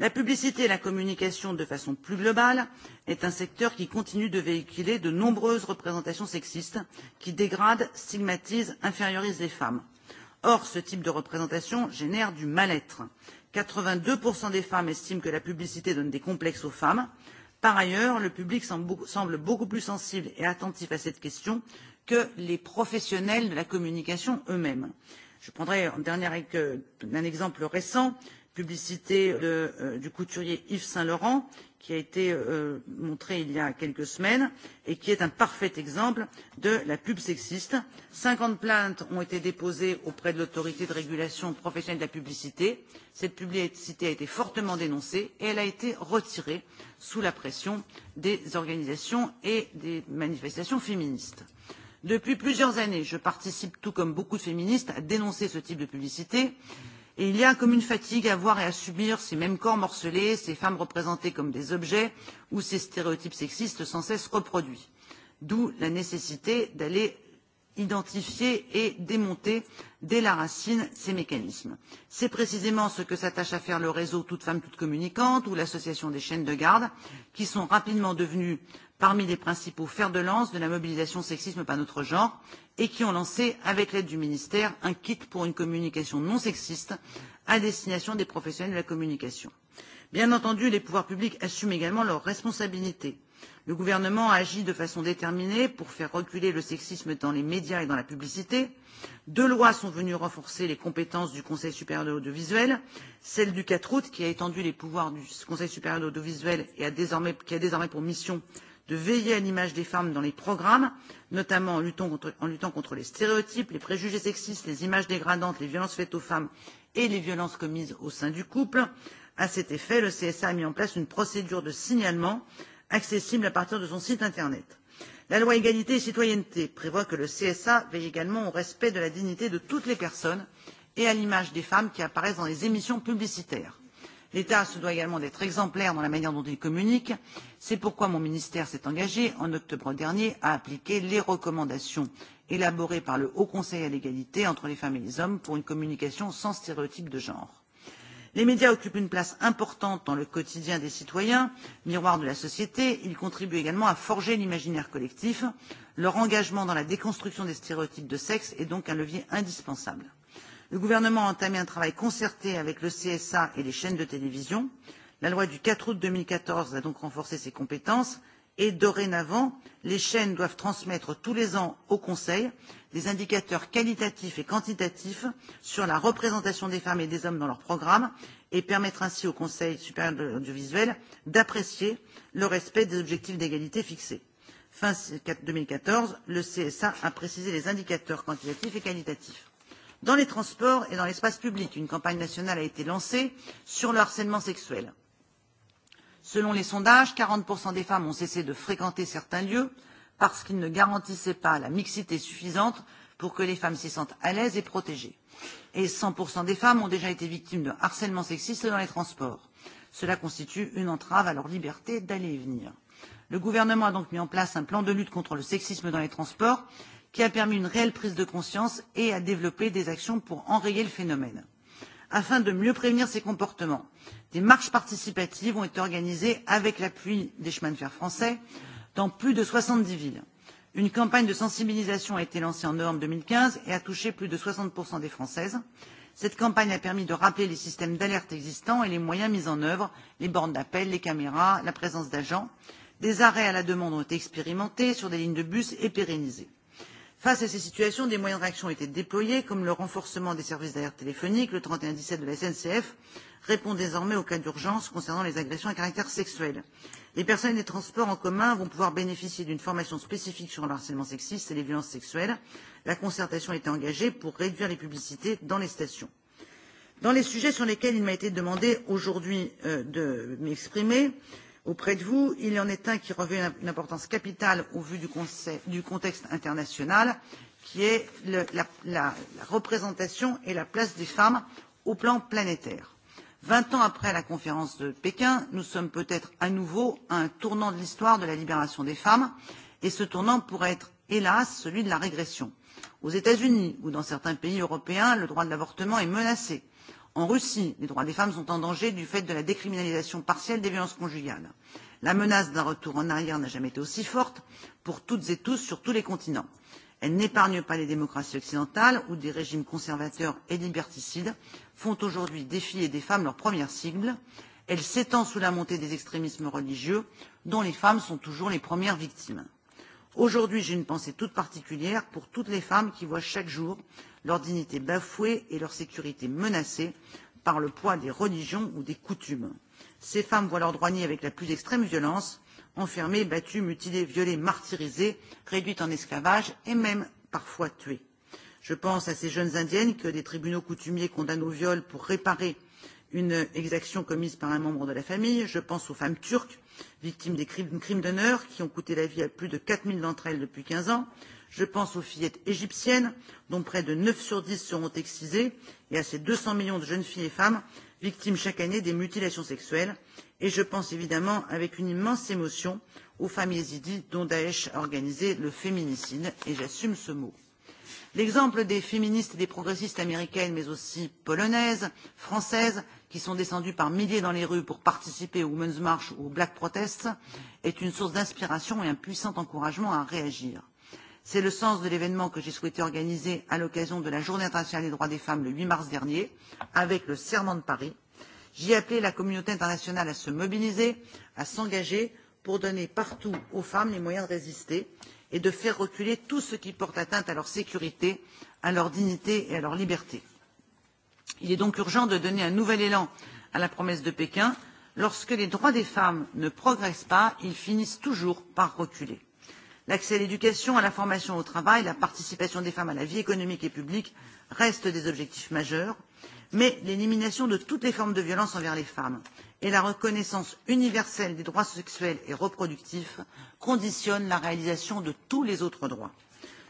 La publicité et la communication de façon plus globale est un secteur qui continue de véhiculer de nombreuses représentations sexistes qui dégradent, stigmatisent, infériorisent les femmes Or, ce type de représentation génère du mal-être. 82% des femmes estiment que la publicité donne des complexes aux femmes. Par ailleurs, le public semble beaucoup plus sensible et attentif à cette question que les professionnels de la communication eux-mêmes. Je prendrai en dernier avec euh, un exemple récent publicité de, euh, du couturier Yves Saint Laurent qui a été euh, montré il y a quelques semaines et qui est un parfait exemple de la pub sexiste. Cinquante plaintes ont été déposées auprès de l'autorité de régulation professionnelle de la publicité. Cette publicité a été fortement dénoncée et elle a été retirée sous la pression des organisations et des manifestations féministes. Depuis plusieurs années, je participe, tout comme beaucoup de féministes, à dénoncer ce type de publicité. Mmh Et il y a comme une fatigue à voir et à subir ces mêmes corps morcelés, ces femmes représentées comme des objets ou ces stéréotypes sexistes sans cesse reproduits. D'où la nécessité d'aller identifier et démonter dès la racine ces mécanismes. C'est précisément ce que s'attache à faire le réseau Toutes Femmes Toutes Communicantes ou l'association des chaînes de garde, qui sont rapidement devenues parmi les principaux fers de lance de la mobilisation sexisme par notre genre et qui ont lancé, avec l'aide du ministère, un kit pour une communication non sexiste à destination des professionnels de la communication. Bien entendu, les pouvoirs publics assument également leurs responsabilités Le gouvernement agit de façon déterminée pour faire reculer le sexisme dans les médias et dans la publicité. Deux lois sont venues renforcer les compétences du Conseil supérieur de l'audiovisuel, celle du 4 août qui a étendu les pouvoirs du Conseil supérieur de l'audiovisuel et a désormais, qui a désormais pour mission de veiller à l'image des femmes dans les programmes, notamment en luttant, contre, en luttant contre les stéréotypes, les préjugés sexistes, les images dégradantes, les violences faites aux femmes et les violences commises au sein du couple. À cet effet, le CSA a mis en place une procédure de signalement accessible à partir de son site internet. La loi égalité et citoyenneté prévoit que le CSA veille également au respect de la dignité de toutes les personnes et à l'image des femmes qui apparaissent dans les émissions publicitaires. L'État se doit également d'être exemplaire dans la manière dont il communique. C'est pourquoi mon ministère s'est engagé en octobre dernier à appliquer les recommandations élaborées par le Haut Conseil à l'égalité entre les femmes et les hommes pour une communication sans stéréotype de genre. Les médias occupent une place importante dans le quotidien des citoyens, miroir de la société. Ils contribuent également à forger l'imaginaire collectif. Leur engagement dans la déconstruction des stéréotypes de sexe est donc un levier indispensable. Le gouvernement a entamé un travail concerté avec le CSA et les chaînes de télévision. La loi du 4 août 2014 a donc renforcé ses compétences et dorénavant, les chaînes doivent transmettre tous les ans au Conseil des indicateurs qualitatifs et quantitatifs sur la représentation des femmes et des hommes dans leurs programmes et permettre ainsi au Conseil supérieur de l'audiovisuel d'apprécier le respect des objectifs d'égalité fixés. Fin 2014, le CSA a précisé les indicateurs quantitatifs et qualitatifs. Dans les transports et dans l'espace public, une campagne nationale a été lancée sur le harcèlement sexuel. Selon les sondages, 40% des femmes ont cessé de fréquenter certains lieux, parce qu'il ne garantissait pas la mixité suffisante pour que les femmes s'y sentent à l'aise et protégées. Et 100% des femmes ont déjà été victimes de harcèlement sexiste dans les transports. Cela constitue une entrave à leur liberté d'aller et venir. Le gouvernement a donc mis en place un plan de lutte contre le sexisme dans les transports qui a permis une réelle prise de conscience et a développé des actions pour enrayer le phénomène. Afin de mieux prévenir ces comportements, des marches participatives ont été organisées avec l'appui des chemins de fer français dans plus de 70 villes. Une campagne de sensibilisation a été lancée en novembre 2015 et a touché plus de 60% des Françaises. Cette campagne a permis de rappeler les systèmes d'alerte existants et les moyens mis en œuvre, les bornes d'appel, les caméras, la présence d'agents. Des arrêts à la demande ont été expérimentés sur des lignes de bus et pérennisés. Face à ces situations, des moyens de réaction ont été déployés, comme le renforcement des services d'alerte téléphonique. Le 3117 de la SNCF répond désormais aux cas d'urgence concernant les agressions à caractère sexuel. Les personnes des transports en commun vont pouvoir bénéficier d'une formation spécifique sur le harcèlement sexiste et les violences sexuelles. La concertation a été engagée pour réduire les publicités dans les stations. Dans les sujets sur lesquels il m'a été demandé aujourd'hui euh, de m'exprimer, euh, auprès de vous. Il y en est un qui revêt une importance capitale au vu du, concept, du contexte international, qui est le, la, la, la représentation et la place des femmes au plan planétaire. Vingt ans après la conférence de Pékin, nous sommes peut-être à nouveau à un tournant de l'histoire de la libération des femmes, et ce tournant pourrait être, hélas, celui de la régression. Aux États-Unis ou dans certains pays européens, le droit de l'avortement est menacé En Russie, les droits des femmes sont en danger du fait de la décriminalisation partielle des violences conjugales. La menace d'un retour en arrière n'a jamais été aussi forte pour toutes et tous sur tous les continents. Elle n'épargne pas les démocraties occidentales où des régimes conservateurs et liberticides font aujourd'hui des filles et des femmes leur première cible. Elle s'étend sous la montée des extrémismes religieux dont les femmes sont toujours les premières victimes. Aujourd'hui, j'ai une pensée toute particulière pour toutes les femmes qui voient chaque jour leur dignité bafouée et leur sécurité menacée par le poids des religions ou des coutumes. Ces femmes voient leurs droits niés avec la plus extrême violence, enfermées, battues, mutilées, violées, martyrisées, réduites en esclavage et même parfois tuées. Je pense à ces jeunes indiennes que des tribunaux coutumiers condamnent au viol pour réparer une exaction commise par un membre de la famille. Je pense aux femmes turques victimes des crimes, crimes d'honneur qui ont coûté la vie à plus de 4000 d'entre elles depuis 15 ans. Je pense aux fillettes égyptiennes, dont près de 9 sur 10 seront excisées, et à ces 200 millions de jeunes filles et femmes victimes chaque année des mutilations sexuelles. Et je pense évidemment, avec une immense émotion, aux femmes yézidis dont Daesh a organisé le féminicide, et j'assume ce mot. L'exemple des féministes et des progressistes américaines, mais aussi polonaises, françaises, qui sont descendues par milliers dans les rues pour participer aux Women's March ou aux Black Protests, est une source d'inspiration et un puissant encouragement à réagir. C'est le sens de l'événement que j'ai souhaité organiser à l'occasion de la Journée internationale des droits des femmes le 8 mars dernier, avec le Serment de Paris. J'y ai appelé la communauté internationale à se mobiliser, à s'engager pour donner partout aux femmes les moyens de résister et de faire reculer tout ce qui porte atteinte à leur sécurité, à leur dignité et à leur liberté. Il est donc urgent de donner un nouvel élan à la promesse de Pékin. Lorsque les droits des femmes ne progressent pas, ils finissent toujours par reculer. L'accès à l'éducation, à la formation au travail, la participation des femmes à la vie économique et publique restent des objectifs majeurs, mais l'élimination de toutes les formes de violence envers les femmes et la reconnaissance universelle des droits sexuels et reproductifs conditionnent la réalisation de tous les autres droits.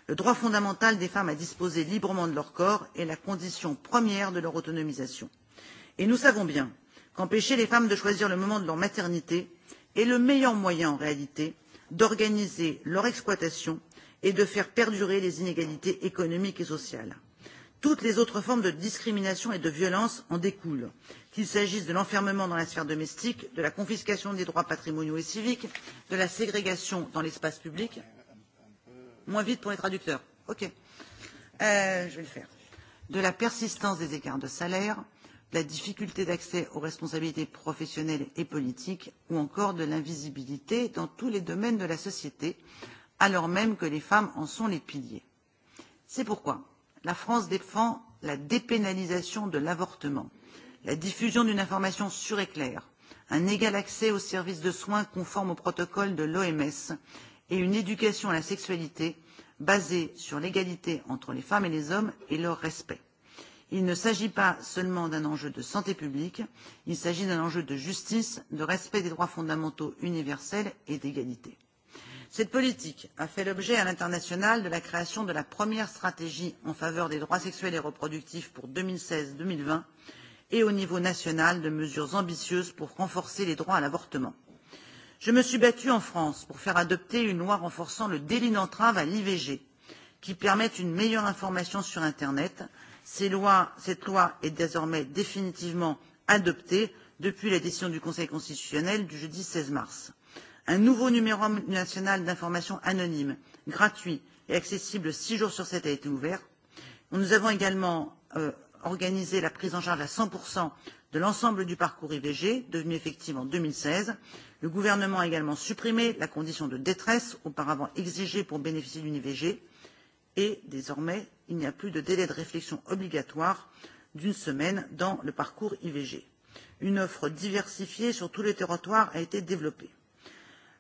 Le droit fondamental des femmes à disposer librement de leur corps est la condition première de leur autonomisation. Et nous savons bien qu'empêcher les femmes de choisir le moment de leur maternité est le meilleur moyen, en réalité, d'organiser leur exploitation et de faire perdurer les inégalités économiques et sociales. Toutes les autres formes de discrimination et de violence en découlent, qu'il s'agisse de l'enfermement dans la sphère domestique, de la confiscation des droits patrimoniaux et civiques, de la ségrégation dans l'espace public. Moins vite pour les traducteurs. OK. Euh, je vais le faire. De la persistance des écarts de salaire, la difficulté d'accès aux responsabilités professionnelles et politiques ou encore de l'invisibilité dans tous les domaines de la société, alors même que les femmes en sont les piliers. C'est pourquoi la France défend la dépénalisation de l'avortement, la diffusion d'une information sûre et claire, un égal accès aux services de soins conformes au protocole de l'OMS et une éducation à la sexualité basée sur l'égalité entre les femmes et les hommes et leur respect. Il ne s'agit pas seulement d'un enjeu de santé publique, il s'agit d'un enjeu de justice, de respect des droits fondamentaux universels et d'égalité. Cette politique a fait l'objet à l'international de la création de la première stratégie en faveur des droits sexuels et reproductifs pour 2016-2020 et au niveau national de mesures ambitieuses pour renforcer les droits à l'avortement. Je me suis battue en France pour faire adopter une loi renforçant le délit d'entrave à l'IVG qui permette une meilleure information sur Internet, Ces lois, cette loi est désormais définitivement adoptée depuis la décision du Conseil constitutionnel du jeudi 16 mars. Un nouveau numéro national d'information anonyme, gratuit et accessible six jours sur sept a été ouvert. Nous avons également euh, organisé la prise en charge à 100% de l'ensemble du parcours IVG, devenu effective en 2016. Le gouvernement a également supprimé la condition de détresse auparavant exigée pour bénéficier d'une IVG et désormais il n'y a plus de délai de réflexion obligatoire d'une semaine dans le parcours ivg. une offre diversifiée sur tous les territoires a été développée.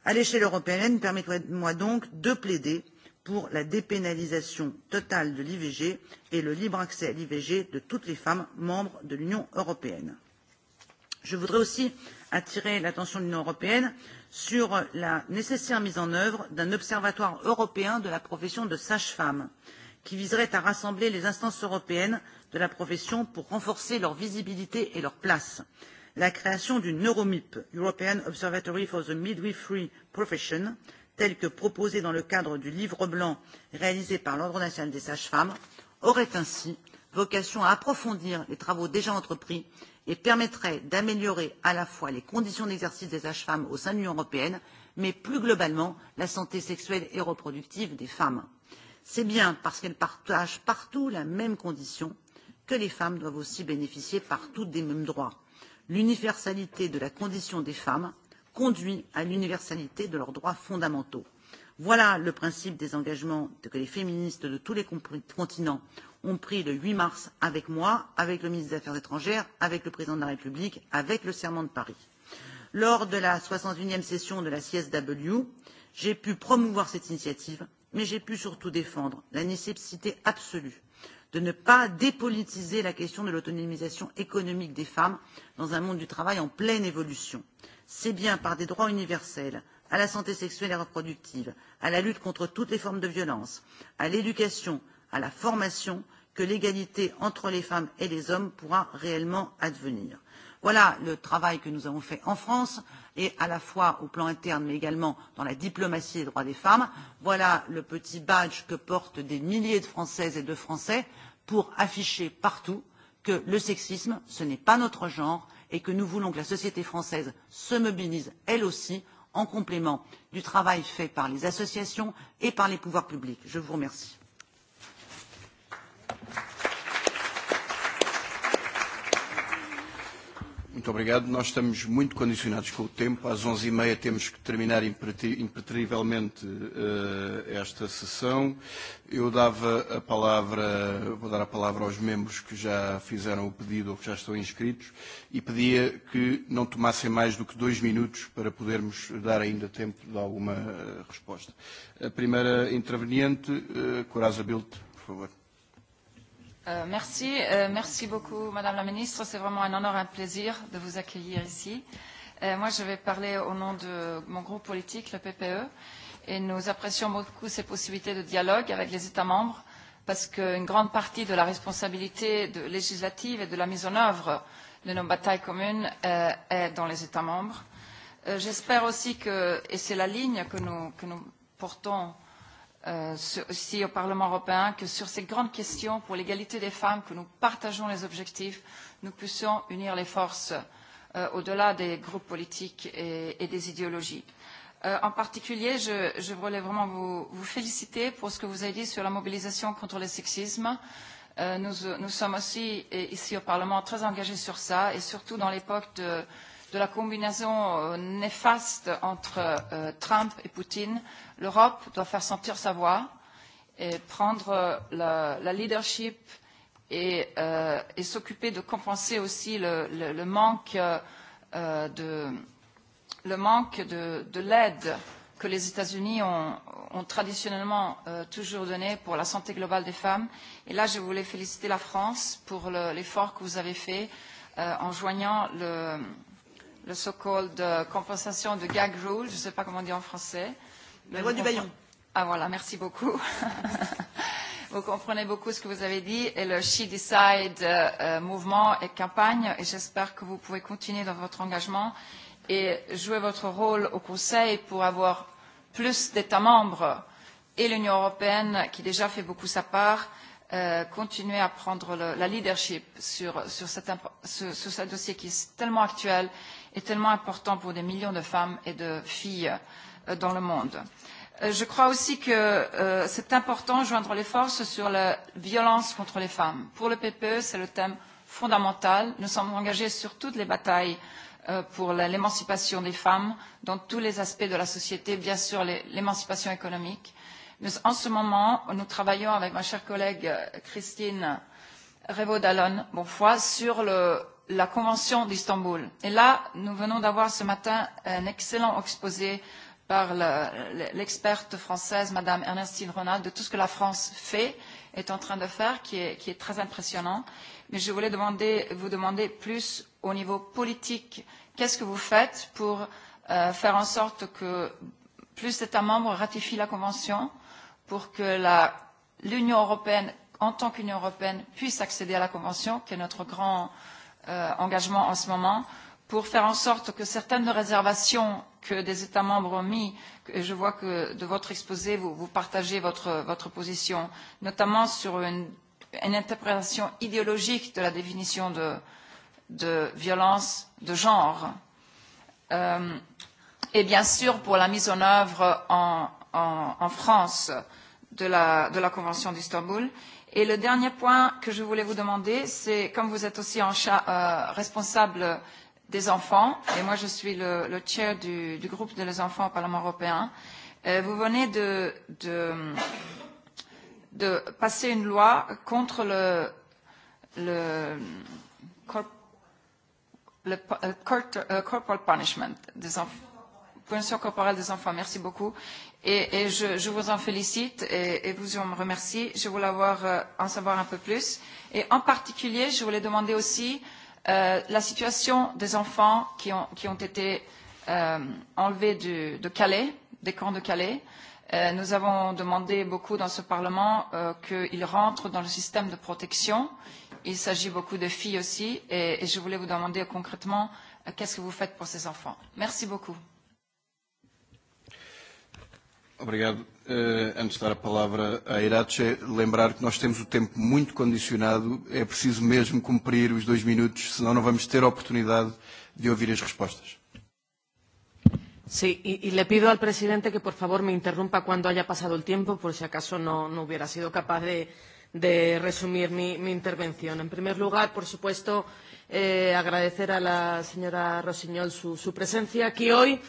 à l'échelle européenne permettez moi donc de plaider pour la dépénalisation totale de l'ivg et le libre accès à l'ivg de toutes les femmes membres de l'union européenne. je voudrais aussi attirer l'attention de l'union européenne sur la nécessaire mise en œuvre d'un observatoire européen de la profession de sage-femme qui viserait à rassembler les instances européennes de la profession pour renforcer leur visibilité et leur place. La création d'une EuroMIP, European Observatory for the Midwifery Profession, telle que proposée dans le cadre du livre blanc réalisé par l'Ordre national des sages-femmes, aurait ainsi vocation à approfondir les travaux déjà entrepris et permettrait d'améliorer à la fois les conditions d'exercice des sages femmes au sein de l'union européenne mais plus globalement la santé sexuelle et reproductive des femmes. c'est bien parce qu'elles partagent partout la même condition que les femmes doivent aussi bénéficier partout des mêmes droits. l'universalité de la condition des femmes conduit à l'universalité de leurs droits fondamentaux. voilà le principe des engagements que les féministes de tous les continents ont pris le 8 mars avec moi, avec le ministre des Affaires étrangères, avec le président de la République, avec le serment de Paris. Lors de la 61e session de la CSW, j'ai pu promouvoir cette initiative, mais j'ai pu surtout défendre la nécessité absolue de ne pas dépolitiser la question de l'autonomisation économique des femmes dans un monde du travail en pleine évolution. C'est bien par des droits universels à la santé sexuelle et reproductive, à la lutte contre toutes les formes de violence, à l'éducation, à la formation que l'égalité entre les femmes et les hommes pourra réellement advenir. Voilà le travail que nous avons fait en France et à la fois au plan interne mais également dans la diplomatie des droits des femmes. Voilà le petit badge que portent des milliers de Françaises et de Français pour afficher partout que le sexisme, ce n'est pas notre genre et que nous voulons que la société française se mobilise elle aussi en complément du travail fait par les associations et par les pouvoirs publics. Je vous remercie. Muito obrigado. Nós estamos muito condicionados com o tempo. Às 11h30 e temos que terminar impertrivelmente uh, esta sessão. Eu dava a palavra, vou dar a palavra aos membros que já fizeram o pedido ou que já estão inscritos e pedia que não tomassem mais do que dois minutos para podermos dar ainda tempo de alguma uh, resposta. A primeira interveniente, uh, eh, Coraza Bilt, por favor. Euh, merci. Euh, merci beaucoup, Madame la Ministre. C'est vraiment un honneur et un plaisir de vous accueillir ici. Euh, moi, je vais parler au nom de mon groupe politique, le PPE, et nous apprécions beaucoup ces possibilités de dialogue avec les États membres parce qu'une grande partie de la responsabilité de, législative et de la mise en œuvre de nos batailles communes euh, est dans les États membres. Euh, J'espère aussi que, et c'est la ligne que nous, que nous portons euh, aussi euh, au Parlement européen que sur ces grandes questions pour l'égalité des femmes, que nous partageons les objectifs, nous puissions unir les forces euh, au-delà des groupes politiques et, et des idéologies. Euh, en particulier, je, je voulais vraiment vous, vous féliciter pour ce que vous avez dit sur la mobilisation contre le sexisme. Euh, nous, nous sommes aussi, ici au Parlement, très engagés sur ça, et surtout dans l'époque de, de la combinaison euh, néfaste entre euh, Trump et Poutine, euh, L'Europe doit faire sentir sa voix et prendre euh, la, la leadership et, euh, et s'occuper de compenser aussi le, le, le manque euh, de le manque de, de l'aide que les États-Unis ont, ont traditionnellement euh, toujours donnée pour la santé globale des femmes. Et là, je voulais féliciter la France pour l'effort le, que vous avez fait euh, en joignant le, le so-called euh, compensation de gag rule, je ne sais pas comment dire en français, euh, La loi du Bayon. Ah voilà, merci beaucoup. vous comprenez beaucoup ce que vous avez dit et le She Decide euh, mouvement et campagne et j'espère que vous pouvez continuer dans votre engagement et jouer votre rôle au Conseil pour avoir plus d'États membres et l'Union européenne qui déjà fait beaucoup sa part euh, continuer à prendre le, la leadership sur, sur, cette, sur, sur ce dossier qui est tellement actuel et tellement important pour des millions de femmes et de filles. Euh, Euh, dans le monde. Euh, je crois aussi que euh, c'est important de joindre les forces sur la violence contre les femmes. Pour le PPE, c'est le thème fondamental. Nous sommes engagés sur toutes les batailles euh, pour l'émancipation des femmes dans tous les aspects de la société, bien sûr l'émancipation économique. Mais en ce moment, nous travaillons avec ma chère collègue euh, Christine Revaud-Dallon Bonfoy sur le, la Convention d'Istanbul. Et là, nous venons d'avoir ce matin un excellent exposé euh, par l'experte française, Madame Ernestine Ronald, de tout ce que la France fait, est en train de faire, qui est, qui est très impressionnant. Mais je voulais demander, vous demander plus au niveau politique, qu'est-ce que vous faites pour euh, faire en sorte que plus d'États membres ratifient la Convention pour que l'Union européenne, en tant qu'Union européenne, puisse accéder à la Convention, qui est notre grand euh, engagement en ce moment, euh, pour faire en sorte que certaines réservations que des États membres ont mis, et je vois que de votre exposé, vous, vous partagez votre, votre position, notamment sur une, une interprétation idéologique de la définition de, de violence de genre. Euh, et bien sûr pour la mise en œuvre en, en, en France de la, de la Convention d'Istanbul. Et le dernier point que je voulais vous demander, c'est comme vous êtes aussi en cha, euh, responsable des enfants, et moi je suis le, le chair du, du groupe des enfants au Parlement européen, euh, vous venez de, de, de passer une loi contre le, le, corp, le uh, cor, uh, corporal punishment des enfants punition corporelle des enfants. Merci beaucoup. Et, et je, je vous en félicite et, et vous en remercie. Je voulais avoir, euh, en savoir un peu plus. Et en particulier, je voulais demander aussi euh, euh, la situation des enfants qui ont, qui ont été euh, enlevés du, de Calais, des camps de Calais. Euh, nous avons demandé beaucoup dans ce Parlement euh, qu'ils rentrent dans le système de protection. Il s'agit beaucoup de filles aussi et, et je voulais vous demander concrètement euh, qu'est-ce que vous faites pour ces enfants. Merci beaucoup. Obrigado. Uh, antes de dar a palavra à Irache, lembrar que nós temos o tempo muito condicionado, é preciso mesmo cumprir os dois minutos, senão não vamos ter a oportunidade de ouvir as respostas. Sí, y, y le pido al presidente que por favor me interrumpa cuando haya pasado el tiempo, por si acaso no, no hubiera sido capaz de, de resumir mi, mi intervención. En primer lugar, por supuesto, eh, agradecer a la señora Rosiñol su, su presencia aquí hoy. Eh,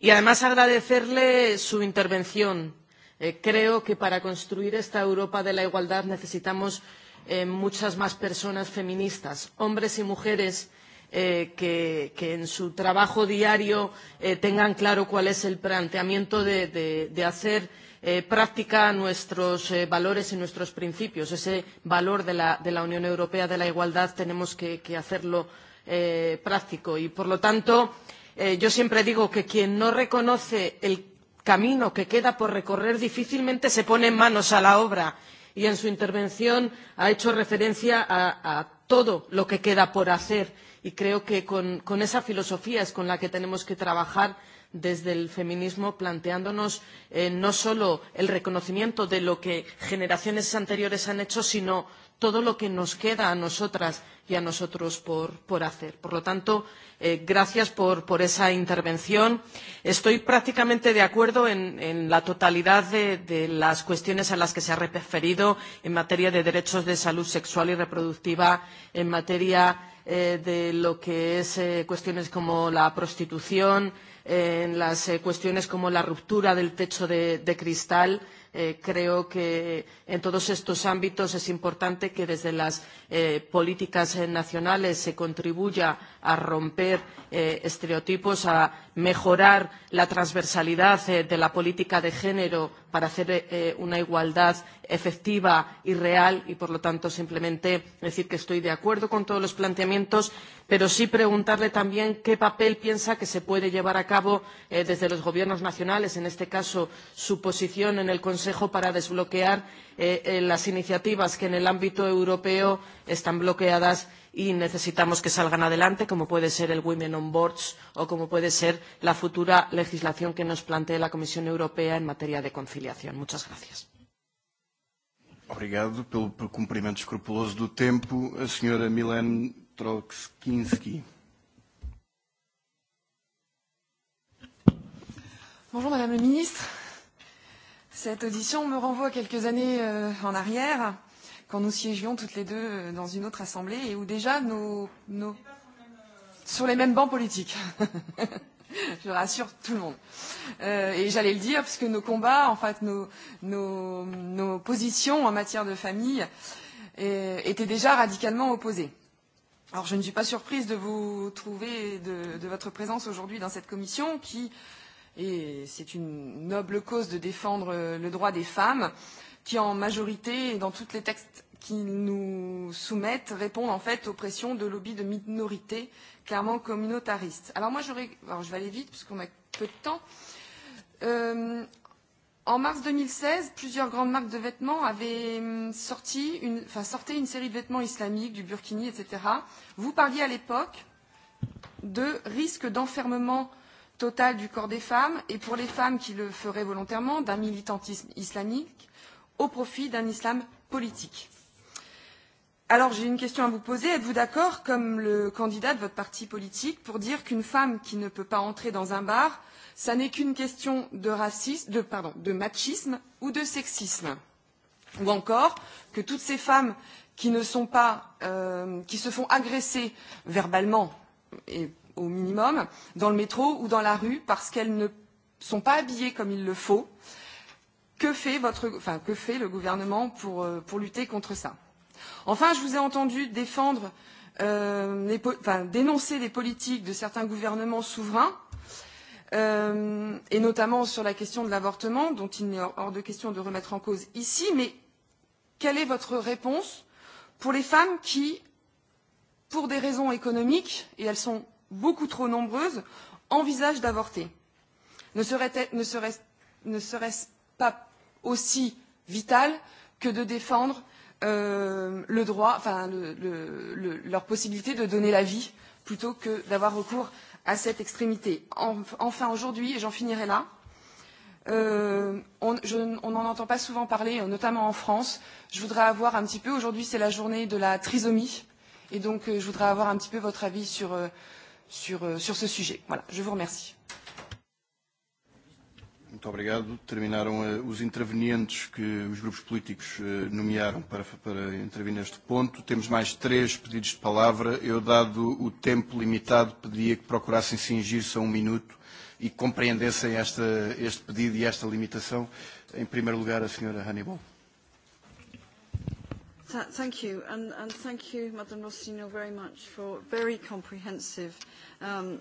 Y además agradecerle su intervención. Eh, creo que para construir esta Europa de la igualdad necesitamos eh, muchas más personas feministas, hombres y mujeres eh, que, que en su trabajo diario eh, tengan claro cuál es el planteamiento de, de, de hacer eh, práctica nuestros eh, valores y nuestros principios. Ese valor de la, de la Unión Europea de la igualdad tenemos que, que hacerlo eh, práctico y, por lo tanto, eh, Eh, yo siempre digo que quien no reconoce el camino que queda por recorrer difícilmente se pone manos a la obra y en su intervención ha hecho referencia a, a todo lo que queda por hacer y creo que con, con esa filosofía es con la que tenemos que trabajar desde el feminismo planteándonos eh, no solo el reconocimiento de lo que generaciones anteriores han hecho, sino todo lo que nos queda a nosotras y a nosotros por, por hacer. Por lo tanto, eh, gracias por, por esa intervención. Estoy prácticamente de acuerdo en, en la totalidad de, de las cuestiones a las que se ha referido en materia de derechos de salud sexual y reproductiva, en materia eh, de lo que es eh, cuestiones como la prostitución, eh, en las eh, cuestiones como la ruptura del techo de, de cristal eh, creo que en todos estos ámbitos es importante que desde las eh, políticas eh, nacionales se contribuya a romper eh, estereotipos, a mejorar la transversalidad eh, de la política de género para hacer eh, eh, una igualdad efectiva y real y, por lo tanto, simplemente decir que estoy de acuerdo con todos los planteamientos, pero sí preguntarle también qué papel piensa que se puede llevar a cabo eh, desde los gobiernos nacionales, en este caso su posición en el Consejo para desbloquear eh, eh, las iniciativas que en el ámbito europeo están bloqueadas y necesitamos que salgan adelante, como puede ser el Women on Boards o como puede ser la futura legislación que nos plantee la Comisión Europea en materia de conciliación. Muchas gracias. Obrigado pelo, pelo cumprimento escrupuloso do tempo. A senhora Milene Troxkinski. Bonjour Madame le Ministre. Cette audition me renvoie quelques années euh, en arrière quand nous siégions toutes les deux euh, dans une autre assemblée et où déjà nos, nos sur les mêmes bancs politiques. Je rassure tout le monde. Euh, et j'allais le dire, parce que nos combats, en fait, nos, nos, nos positions en matière de famille euh, étaient déjà radicalement opposées. Alors je ne suis pas surprise de vous trouver, de, de votre présence aujourd'hui dans cette commission qui, et c'est une noble cause de défendre euh, le droit des femmes, euh, qui en majorité et dans tous les textes qui nous soumettent répondent en fait aux pressions de lobbies de minorités clairement communautaristes. Alors moi j'aurais, alors je vais aller vite parce qu'on a peu de temps. Euh, en mars 2016, plusieurs grandes marques de vêtements avaient sorti une, enfin, sortaient une série de vêtements islamiques, du burkini, etc. Vous parliez à l'époque de risque d'enfermement total du corps des femmes et pour les femmes qui le feraient volontairement d'un militantisme islamique au profit d'un islam politique. Alors j'ai une question à vous poser. Êtes-vous d'accord, comme le candidat de votre parti politique, pour dire qu'une femme qui ne peut pas entrer dans un bar, ça n'est qu'une question de racisme, de, pardon, de machisme ou de sexisme Ou encore que toutes ces femmes qui ne sont pas, euh, qui se font agresser verbalement et au minimum dans le métro ou dans la rue parce qu'elles ne sont pas habillées comme il le faut, euh, Que fait, votre, enfin, que fait le gouvernement pour, euh, pour lutter contre ça Enfin, je vous ai entendu défendre, euh, les, enfin, dénoncer les politiques de certains gouvernements souverains, euh, et notamment sur la question de l'avortement, dont il n'est hors de question de remettre en cause ici, mais quelle est votre réponse pour les femmes qui, pour des raisons économiques, et elles sont beaucoup trop nombreuses, envisagent d'avorter Ne serait-ce serait, ne serait pas aussi vital que de défendre euh, le droit, enfin le, le, le, leur possibilité de donner la vie plutôt que d'avoir recours à cette extrémité. En, enfin, aujourd'hui, et j'en finirai là, euh, on n'en entend pas souvent parler, notamment en France. Je voudrais avoir un petit peu, aujourd'hui c'est la journée de la trisomie, et donc euh, je voudrais avoir un petit peu votre avis sur, euh, sur, euh, sur ce sujet. Voilà, je vous remercie. Euh, Muito obrigado. Terminaram uh, os intervenientes que os grupos políticos uh, nomearam para, para intervir neste ponto. Temos mais três pedidos de palavra. Eu, dado o tempo limitado, pedia que procurassem cingir-se a um minuto e compreendessem esta, este pedido e esta limitação. Em primeiro lugar, a senhora Hannibal. Th thank you, and, and thank you, Madam Rossino, very much for very comprehensive um,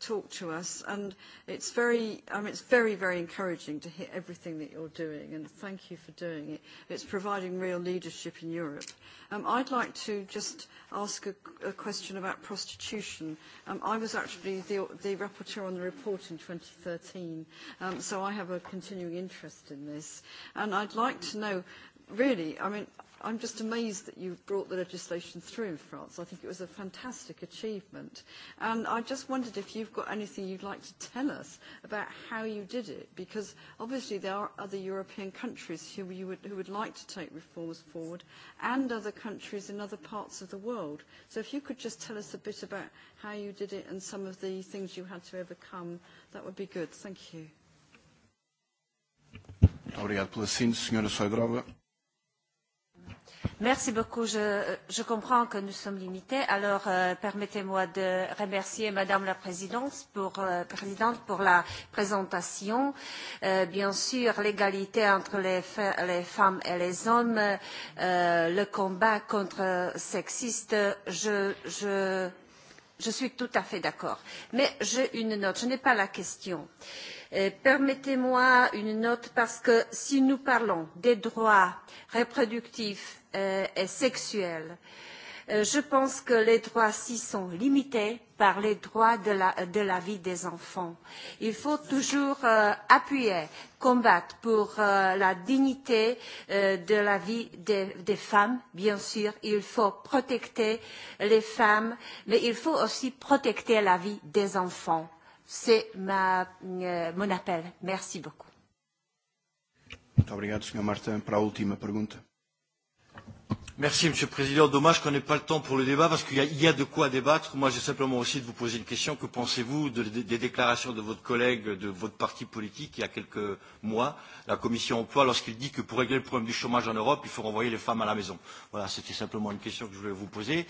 talk to us, and it's very, I mean, it's very, very encouraging to hear everything that you're doing, and thank you for doing it. It's providing real leadership in Europe. Um, I'd like to just ask a, a question about prostitution. Um, I was actually the, the rapporteur on the report in 2013, um, so I have a continuing interest in this, and I'd like to know, really, I mean, I'm just amazed that you brought the legislation through in France. I think it was a fantastic achievement. And I just wondered if you've got anything you'd like to tell us about how you did it, because obviously there are other European countries who, you would, who would like to take reforms forward and other countries in other parts of the world. So if you could just tell us a bit about how you did it and some of the things you had to overcome, that would be good. Thank you. Muito obrigado pelo assento, Sra. Soidrova. Merci beaucoup. Je, je comprends que nous sommes limités. Alors, euh, permettez-moi de remercier Madame la Présidente pour, euh, Présidente pour la présentation. Euh, bien sûr, l'égalité entre les, les femmes et les hommes, euh, le combat contre sexiste, je, je, je suis tout à fait d'accord. Mais j'ai une note, je n'ai pas la question. Euh, Euh, permettez-moi une note parce que si nous parlons des droits reproductifs euh, et sexuels, euh, je pense que les droits ci sont limités par les droits de la, de la vie des enfants. Il faut toujours euh, appuyer, combattre pour euh, la dignité euh, de la vie des, des femmes. Bien sûr, il faut protéger les femmes, mais il faut aussi protéger la vie des enfants C'est ma, euh, mon appel. Merci beaucoup. Muito obrigado, Sr. Martin. Para a última pergunta. Merci, Monsieur le Président. Dommage qu'on n'ait pas le temps pour le débat, parce qu'il y, y a de quoi débattre. Moi, j'ai simplement aussi de vous poser une question. Que pensez-vous de, de, des déclarations de votre collègue, de votre parti politique, il y a quelques mois, la Commission emploi, lorsqu'il dit que pour régler le problème du chômage en Europe, il faut renvoyer les femmes à la maison Voilà, c'était simplement une question que je voulais vous poser.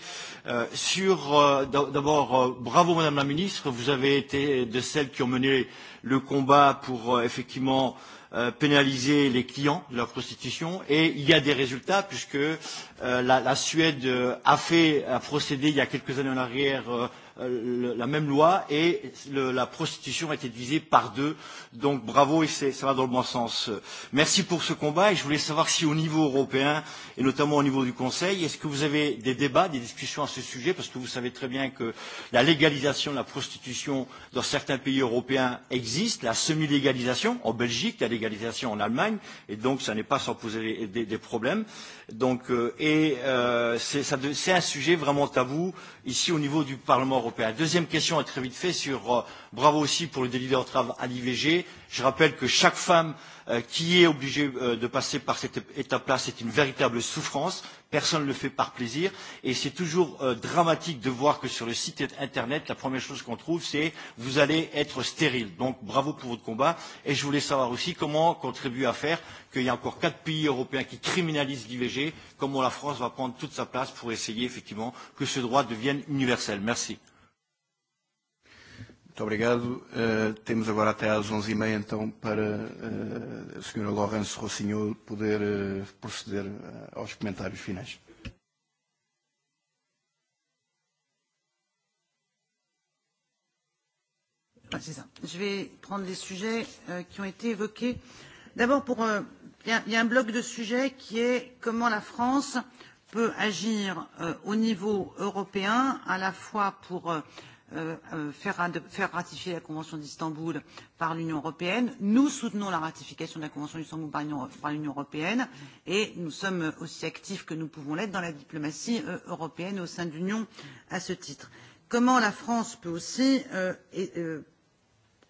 Euh, sur, euh, d'abord, euh, bravo Madame la Ministre, vous avez été de celles qui ont mené le combat pour, euh, effectivement, euh, euh, pénaliser les clients de la prostitution et il y a des résultats puisque euh, la, la Suède euh, a fait a procédé il y a quelques années en arrière euh, euh, le, la même loi et le, la prostitution a été divisée par deux. Donc bravo et ça va dans le bon sens. Merci pour ce combat et je voulais savoir si au niveau européen et notamment au niveau du Conseil, est-ce que vous avez des débats, des discussions à ce sujet parce que vous savez très bien que la légalisation de la prostitution dans certains pays européens existe, la semi-légalisation en Belgique, la légalisation en Allemagne et donc ça n'est pas sans poser des, des problèmes. Donc, euh, et euh, c'est un sujet vraiment tabou ici au niveau du Parlement européen. Deuxième question, très vite fait, sur euh, bravo aussi pour le délit d'entrave à l'IVG. Je rappelle que chaque femme euh, qui est obligée euh, de passer par cette étape-là, c'est une véritable souffrance. Personne ne le fait par plaisir. Et c'est toujours euh, dramatique de voir que sur le site Internet, la première chose qu'on trouve, c'est vous allez être stérile. Donc bravo pour votre combat. Et je voulais savoir aussi comment contribuer à faire qu'il y a encore quatre pays européens qui criminalisent l'IVG, comment la France va prendre toute sa place pour essayer effectivement que ce droit devienne universel. Merci. Muito obrigado. Uh, temos agora até às 11h30, e então, para uh, a Sra. Laurence Rossignol poder uh, proceder uh, aos comentários finais. Ah, C'est ça. Je vais prendre les sujets euh, qui ont été évoqués. D'abord, pour euh, il euh, y, y a un bloc de sujets qui est comment la France peut agir euh, au niveau européen, à la fois pour euh, Euh, euh, faire, faire ratifier la Convention d'Istanbul par l'Union européenne. Nous soutenons la ratification de la Convention d'Istanbul par l'Union européenne et nous sommes aussi actifs que nous pouvons l'être dans la diplomatie euh, européenne au sein de l'Union à ce titre. Comment la France peut aussi euh, et, euh,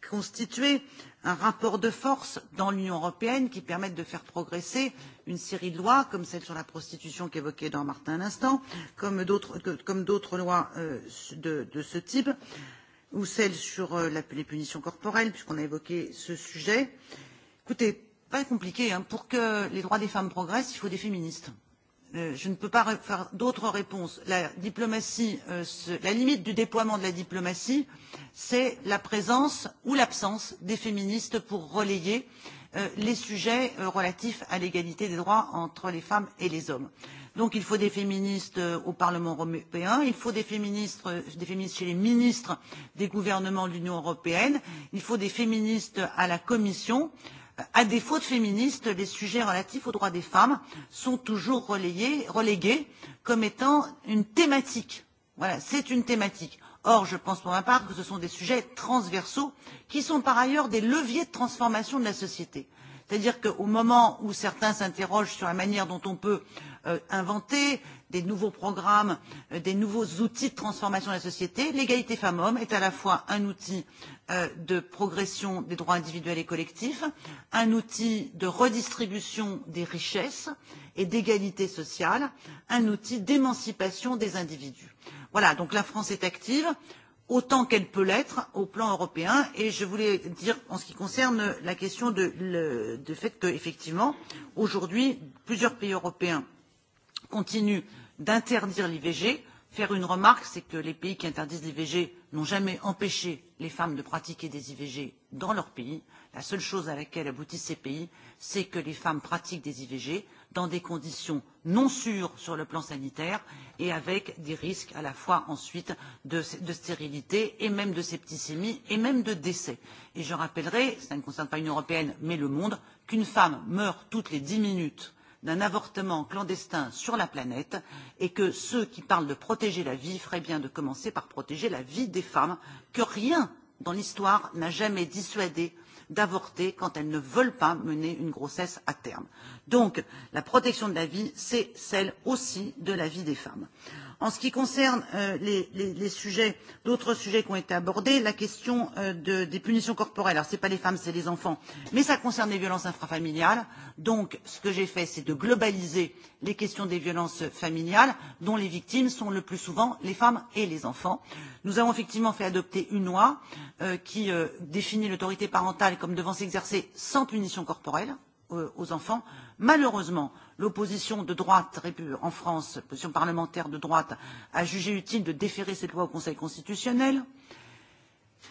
constituer un rapport de force dans l'Union européenne qui permette de faire progresser une série de lois comme celle sur la prostitution qu'évoquait Edouard Martin à l'instant, comme d'autres lois euh, de, de ce type, ou celle sur euh, la, les punitions corporelles, puisqu'on a évoqué ce sujet. Écoutez, pas compliqué, hein, pour que les droits des femmes progressent, il faut des féministes. Euh, je ne peux pas faire d'autres réponses. La, diplomatie, euh, ce, la limite du déploiement de la diplomatie, c'est la présence ou l'absence des féministes pour relayer euh, les sujets euh, relatifs à l'égalité des droits entre les femmes et les hommes. Donc il faut des féministes euh, au Parlement européen, il faut des féministes, euh, des féministes chez les ministres des gouvernements de l'Union européenne, il faut des féministes à la Commission. Euh, à défaut de féministes, les sujets relatifs aux droits des femmes sont toujours relayés, relégués comme étant une thématique. Voilà, c'est une thématique. Or, je pense pour ma part que ce sont des sujets transversaux qui sont par ailleurs des leviers de transformation de la société. C'est-à-dire qu'au moment où certains s'interrogent sur la manière dont on peut euh, inventer des nouveaux programmes, euh, des nouveaux outils de transformation de la société, l'égalité femmes-hommes est à la fois un outil euh, de progression des droits individuels et collectifs, un outil de redistribution des richesses et d'égalité sociale, un outil d'émancipation des individus. Voilà, donc la France est active autant qu'elle peut l'être au plan européen. Et je voulais dire, en ce qui concerne la question du fait qu'effectivement, aujourd'hui, plusieurs pays européens continue d'interdire l'ivg faire une remarque c'est que les pays qui interdisent l'ivg n'ont jamais empêché les femmes de pratiquer des ivg dans leur pays la seule chose à laquelle aboutissent ces pays c'est que les femmes pratiquent des ivg dans des conditions non sûres sur le plan sanitaire et avec des risques à la fois ensuite de, de stérilité et même de septicémie et même de décès. Et je rappellerai, ça ne concerne pas l'Union européenne mais le monde, qu'une femme meurt toutes les dix minutes d'un avortement clandestin sur la planète et que ceux qui parlent de protéger la vie feraient bien de commencer par protéger la vie des femmes que rien dans l'histoire n'a jamais dissuadé d'avorter quand elles ne veulent pas mener une grossesse à terme. Donc la protection de la vie, c'est celle aussi de la vie des femmes. Euh, En ce qui concerne euh, les, les, les sujets, d'autres sujets qui ont été abordés, la question euh, de, des punitions corporelles, alors ce n'est pas les femmes, c'est les enfants, mais ça concerne les violences intrafamiliales. Donc, ce que j'ai fait, c'est de globaliser les questions des violences familiales, dont les victimes sont le plus souvent les femmes et les enfants. Nous avons effectivement fait adopter une loi euh, qui euh, définit l'autorité parentale comme devant s'exercer sans punition corporelle Euh, aux enfants. Malheureusement, l'opposition de droite en France, l'opposition parlementaire de droite, a jugé utile de déférer cette loi au Conseil constitutionnel.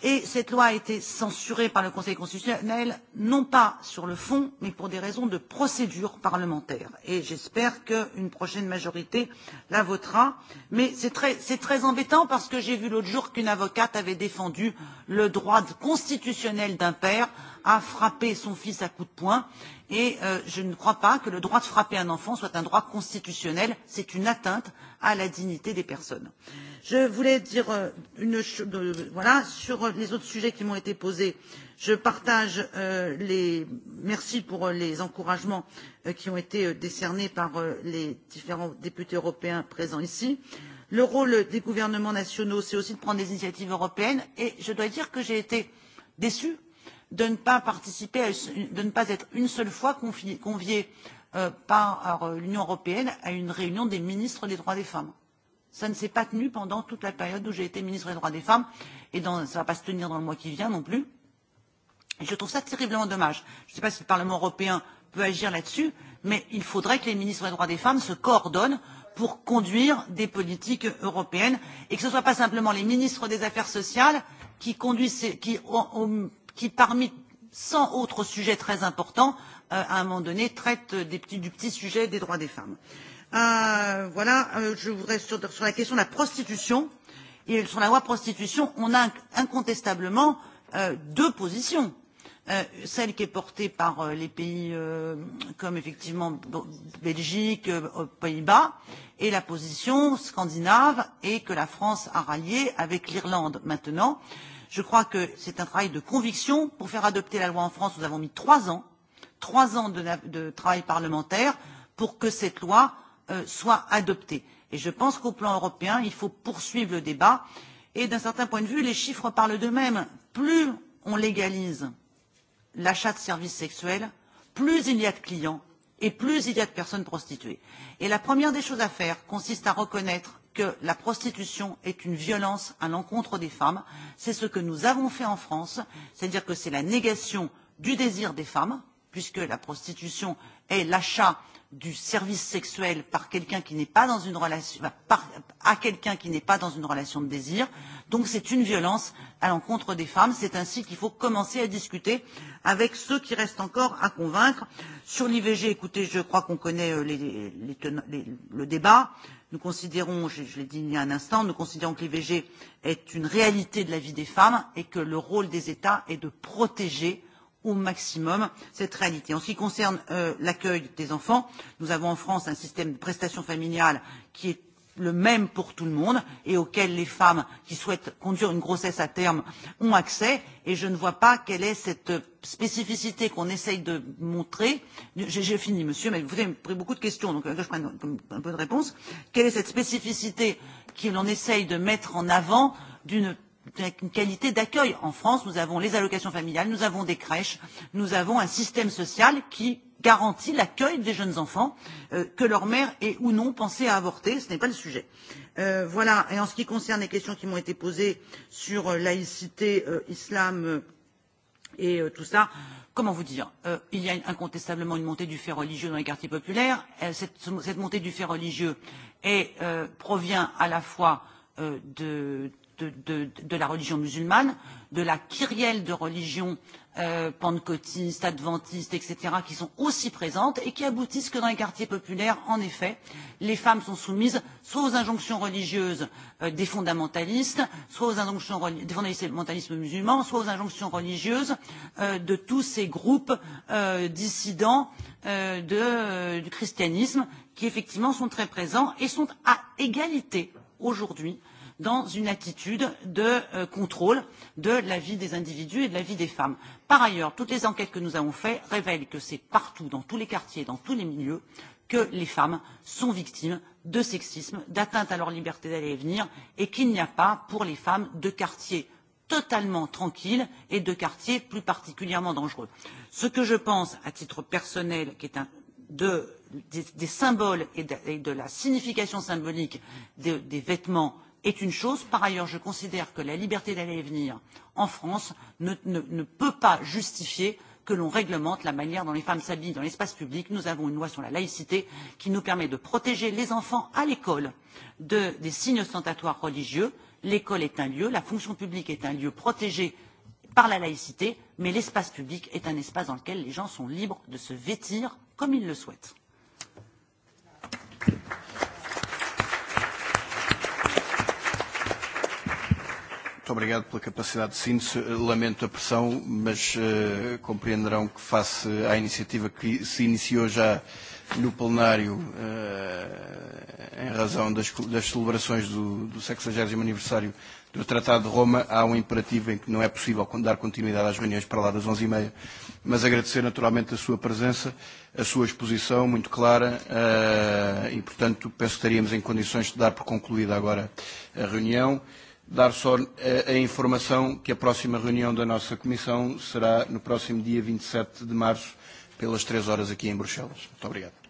Et cette loi a été censurée par le Conseil constitutionnel, non pas sur le fond, mais pour des raisons de procédure parlementaire. Et j'espère qu'une prochaine majorité la votera. Mais c'est très, très embêtant parce que j'ai vu l'autre jour qu'une avocate avait défendu le droit constitutionnel d'un père a frappé son fils à coups de poing et euh, je ne crois pas que le droit de frapper un enfant soit un droit constitutionnel c'est une atteinte à la dignité des personnes. je voulais dire euh, une euh, voilà sur les autres sujets qui m'ont été posés je partage euh, les merci pour euh, les encouragements euh, qui ont été décernés par les différents députés européens présents ici. le rôle des gouvernements nationaux c'est aussi de prendre des initiatives européennes et je dois dire que j'ai été déçue de ne pas participer, à, de ne pas être une seule fois convié, convié euh, par euh, l'Union européenne à une réunion des ministres des droits des femmes. Ça ne s'est pas tenu pendant toute la période où j'ai été ministre des droits des femmes et dans, ça ne va pas se tenir dans le mois qui vient non plus. Et je trouve ça terriblement dommage. Je ne sais pas si le Parlement européen peut agir là-dessus, mais il faudrait que les ministres des droits des femmes se coordonnent pour conduire des politiques européennes et que ce ne soient pas simplement les ministres des affaires sociales qui, conduisent, qui ont, ont qui, parmi cent autres sujets très importants, euh, à un moment donné, traite des petits, du petit sujet des droits des femmes. Euh, voilà, euh, je voudrais sur, sur la question de la prostitution et sur la loi prostitution, on a incontestablement euh, deux positions. Euh, celle qui est portée par euh, les pays euh, comme effectivement Belgique, euh, Pays-Bas, et la position scandinave et que la France a ralliée avec l'Irlande maintenant. Euh, Je crois que c'est un travail de conviction. Pour faire adopter la loi en France, nous avons mis trois ans, trois ans de, de travail parlementaire pour que cette loi euh, soit adoptée. Et je pense qu'au plan européen, il faut poursuivre le débat. Et d'un certain point de vue, les chiffres parlent d'eux-mêmes. Plus on légalise l'achat de services sexuels, plus il y a de clients et plus il y a de personnes prostituées. Et la première des choses à faire consiste à reconnaître que la prostitution est une violence à l'encontre des femmes. C'est ce que nous avons fait en France, c'est-à-dire que c'est la négation du désir des femmes, puisque la prostitution est l'achat du service sexuel par quelqu'un qui n'est pas dans une relation, par, à quelqu'un qui n'est pas dans une relation de désir. Donc c'est une violence à l'encontre des femmes. C'est ainsi qu'il faut commencer à discuter avec ceux qui restent encore à convaincre. Sur l'IVG, écoutez, je crois qu'on connaît euh, les, les, les, le débat. Nous considérons, je, je l'ai dit il y a un instant, nous considérons que l'IVG est une réalité de la vie des femmes et que le rôle des États est de protéger au maximum cette réalité. En ce qui concerne euh, l'accueil des enfants, nous avons en France un système de prestations familiales qui est le même pour tout le monde et auquel les femmes qui souhaitent conduire une grossesse à terme ont accès et je ne vois pas quelle est cette spécificité qu'on essaye de montrer j'ai fini monsieur mais vous avez pris beaucoup de questions donc euh, que je prenne un peu de réponse quelle est cette spécificité que l'on essaye de mettre en avant d'une une qualité d'accueil. En France, nous avons les allocations familiales, nous avons des crèches, nous avons un système social qui garantit l'accueil des jeunes enfants, euh, que leur mère ait ou non pensé à avorter, ce n'est pas le sujet. Euh, voilà, et en ce qui concerne les questions qui m'ont été posées sur euh, laïcité, euh, islam euh, et euh, tout ça, comment vous dire euh, Il y a incontestablement une montée du fait religieux dans les quartiers populaires. Euh, cette, cette montée du fait religieux est, euh, provient à la fois euh, de de, de, de la religion musulmane, de la kyrielle de religions euh, pentecôtistes, adventistes, etc., qui sont aussi présentes et qui aboutissent que dans les quartiers populaires, en effet, les femmes sont soumises soit aux injonctions religieuses euh, des fondamentalistes, soit aux injonctions des fondamentalistes musulmans, soit aux injonctions religieuses euh, de tous ces groupes euh, dissidents euh, de, euh, du christianisme qui effectivement sont très présents et sont à égalité aujourd'hui euh, dans une attitude de euh, contrôle de la vie des individus et de la vie des femmes. Par ailleurs, toutes les enquêtes que nous avons faites révèlent que c'est partout, dans tous les quartiers, dans tous les milieux, que les femmes sont victimes de sexisme, d'atteinte à leur liberté d'aller et venir, et qu'il n'y a pas, pour les femmes, de quartier totalement tranquille et de quartiers plus particulièrement dangereux. Ce que je pense, à titre personnel, qui est un, de, des, des symboles et de, et de la signification symbolique des, des vêtements est une chose. Par ailleurs, je considère que la liberté d'aller et venir en France ne, ne, ne peut pas justifier que l'on réglemente la manière dont les femmes s'habillent dans l'espace public. Nous avons une loi sur la laïcité qui nous permet de protéger les enfants à l'école de, des signes ostentatoires religieux. L'école est un lieu, la fonction publique est un lieu protégé par la laïcité, mais l'espace public est un espace dans lequel les gens sont libres de se vêtir comme ils le souhaitent. Muito obrigado pela capacidade de síntese. Eh, lamento a pressão, mas uh, compreenderão que face à iniciativa que se iniciou já no plenário uh, em razão das, das celebrações do, do 60 aniversário do Tratado de Roma, há um imperativo em que não é possível dar continuidade às reuniões para lá das 11h30, e mas agradecer naturalmente a sua presença, a sua exposição muito clara uh, e, portanto, penso que estaríamos em condições de dar por concluída agora a reunião. Uh, dar só a, eh, a informação que a próxima reunião da nossa Comissão será no próximo dia 27 e de março, pelas 3 horas aqui em Bruxelas. Muito obrigado.